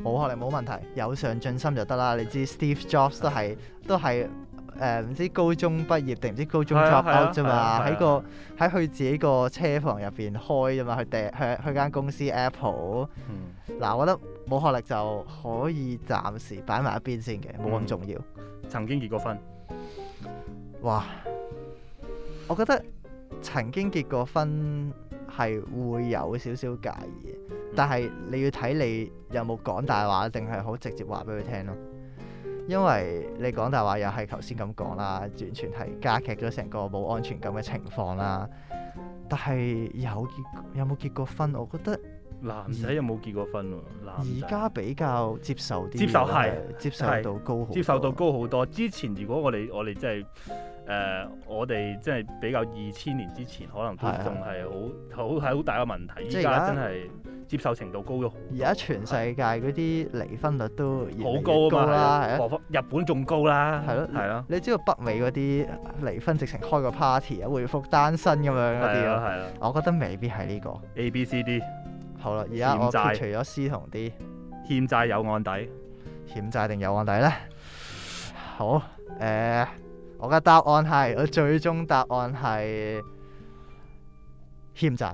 冇學歷冇問題，有上進心就得啦。你知 Steve Jobs 都係的都係。誒唔、呃、知高中畢業定唔知高中 drop out 啫嘛？喺、啊啊啊啊、個喺佢自己個車房入邊開啫嘛，去掟去去間公司 Apple。嗱、嗯啊，我覺得冇學歷就可以暫時擺埋一邊先嘅，冇咁重要、嗯。曾經結過婚，哇！我覺得曾經結過婚係會有少少介意，嗯、但係你要睇你有冇講大話，定係好直接話俾佢聽咯。因為你講大話又係頭先咁講啦，完全係加劇咗成個冇安全感嘅情況啦。但係有結有冇結過婚？我覺得男仔有冇結過婚喎？而家比較接受啲，接受係是是接受度高，接受度高好多。之前如果我哋我哋真係。誒、呃，我哋即係比較二千年之前，可能都仲係好好係好大個問題。依家真係接受程度高咗。而家全世界嗰啲離婚率都好高係啊嘛，係啊，日本仲高啦，係咯係咯。你知道北美嗰啲離婚直情開個 party 啊，回復單身咁樣嗰啲啊。係啦係啦，我覺得未必係呢個。A、B、C、D，好啦，而家我剔除咗 C 同 D。D 欠債有案底，欠債定有案底咧？好，誒、呃。我嘅答案係，我最終答案係欠債，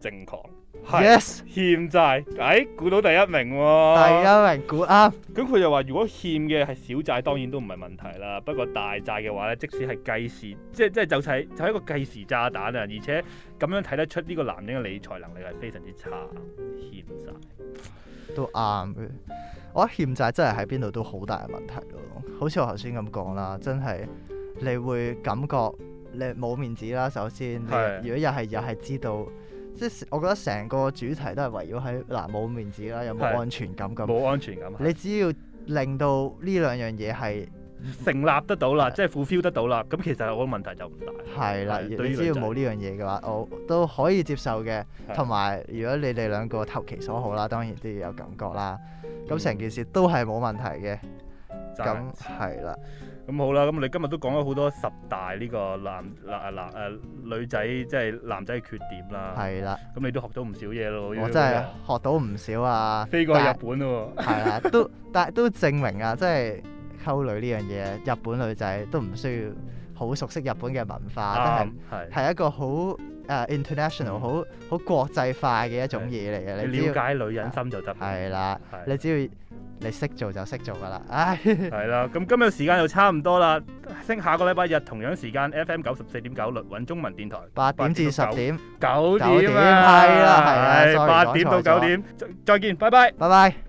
正確。係 Yes 欠債，誒估到第一名喎，第一名估啱。咁佢又話如果欠嘅係小債，當然都唔係問題啦。不過大債嘅話咧，即使係計時，即係即係就係就係一個計時炸彈啊！而且咁樣睇得出呢個男人嘅理財能力係非常之差。欠債都啱嘅，我諗欠債真係喺邊度都好大嘅問題咯。好似我頭先咁講啦，真係你會感覺你冇面子啦。首先，你如果又係又係知道。即係我覺得成個主題都係圍繞喺嗱冇面子啦，有冇安全感咁。冇安全感啊！你只要令到呢兩樣嘢係成立得到啦，的即係 feel 得到啦，咁其實我問題就唔大。係啦，你只要冇呢樣嘢嘅話，嗯、我都可以接受嘅。同埋的如果你哋兩個投其所好啦，當然都要有感覺啦。咁成件事都係冇問題嘅。咁係啦。那點咁好啦，咁你今日都講咗好多十大呢個男、男、男、誒女仔，即係男仔嘅缺點啦。係啦，咁你都學到唔少嘢咯，我真係學到唔少啊。飛過去日本喎。係啦，都但係都證明啊，即係溝女呢樣嘢，日本女仔都唔需要好熟悉日本嘅文化，係係係一個好誒 international 好好國際化嘅一種嘢嚟嘅。你瞭解女人心就得。係啦，你只要。你識做就識做噶啦，哎，唉，係啦，咁今日時間就差唔多啦，下星下個禮拜日同樣時間 F M 九十四點九率搵中文電台八點至十點九點，係啦，係啊，八點到九點，再見，拜拜，拜拜。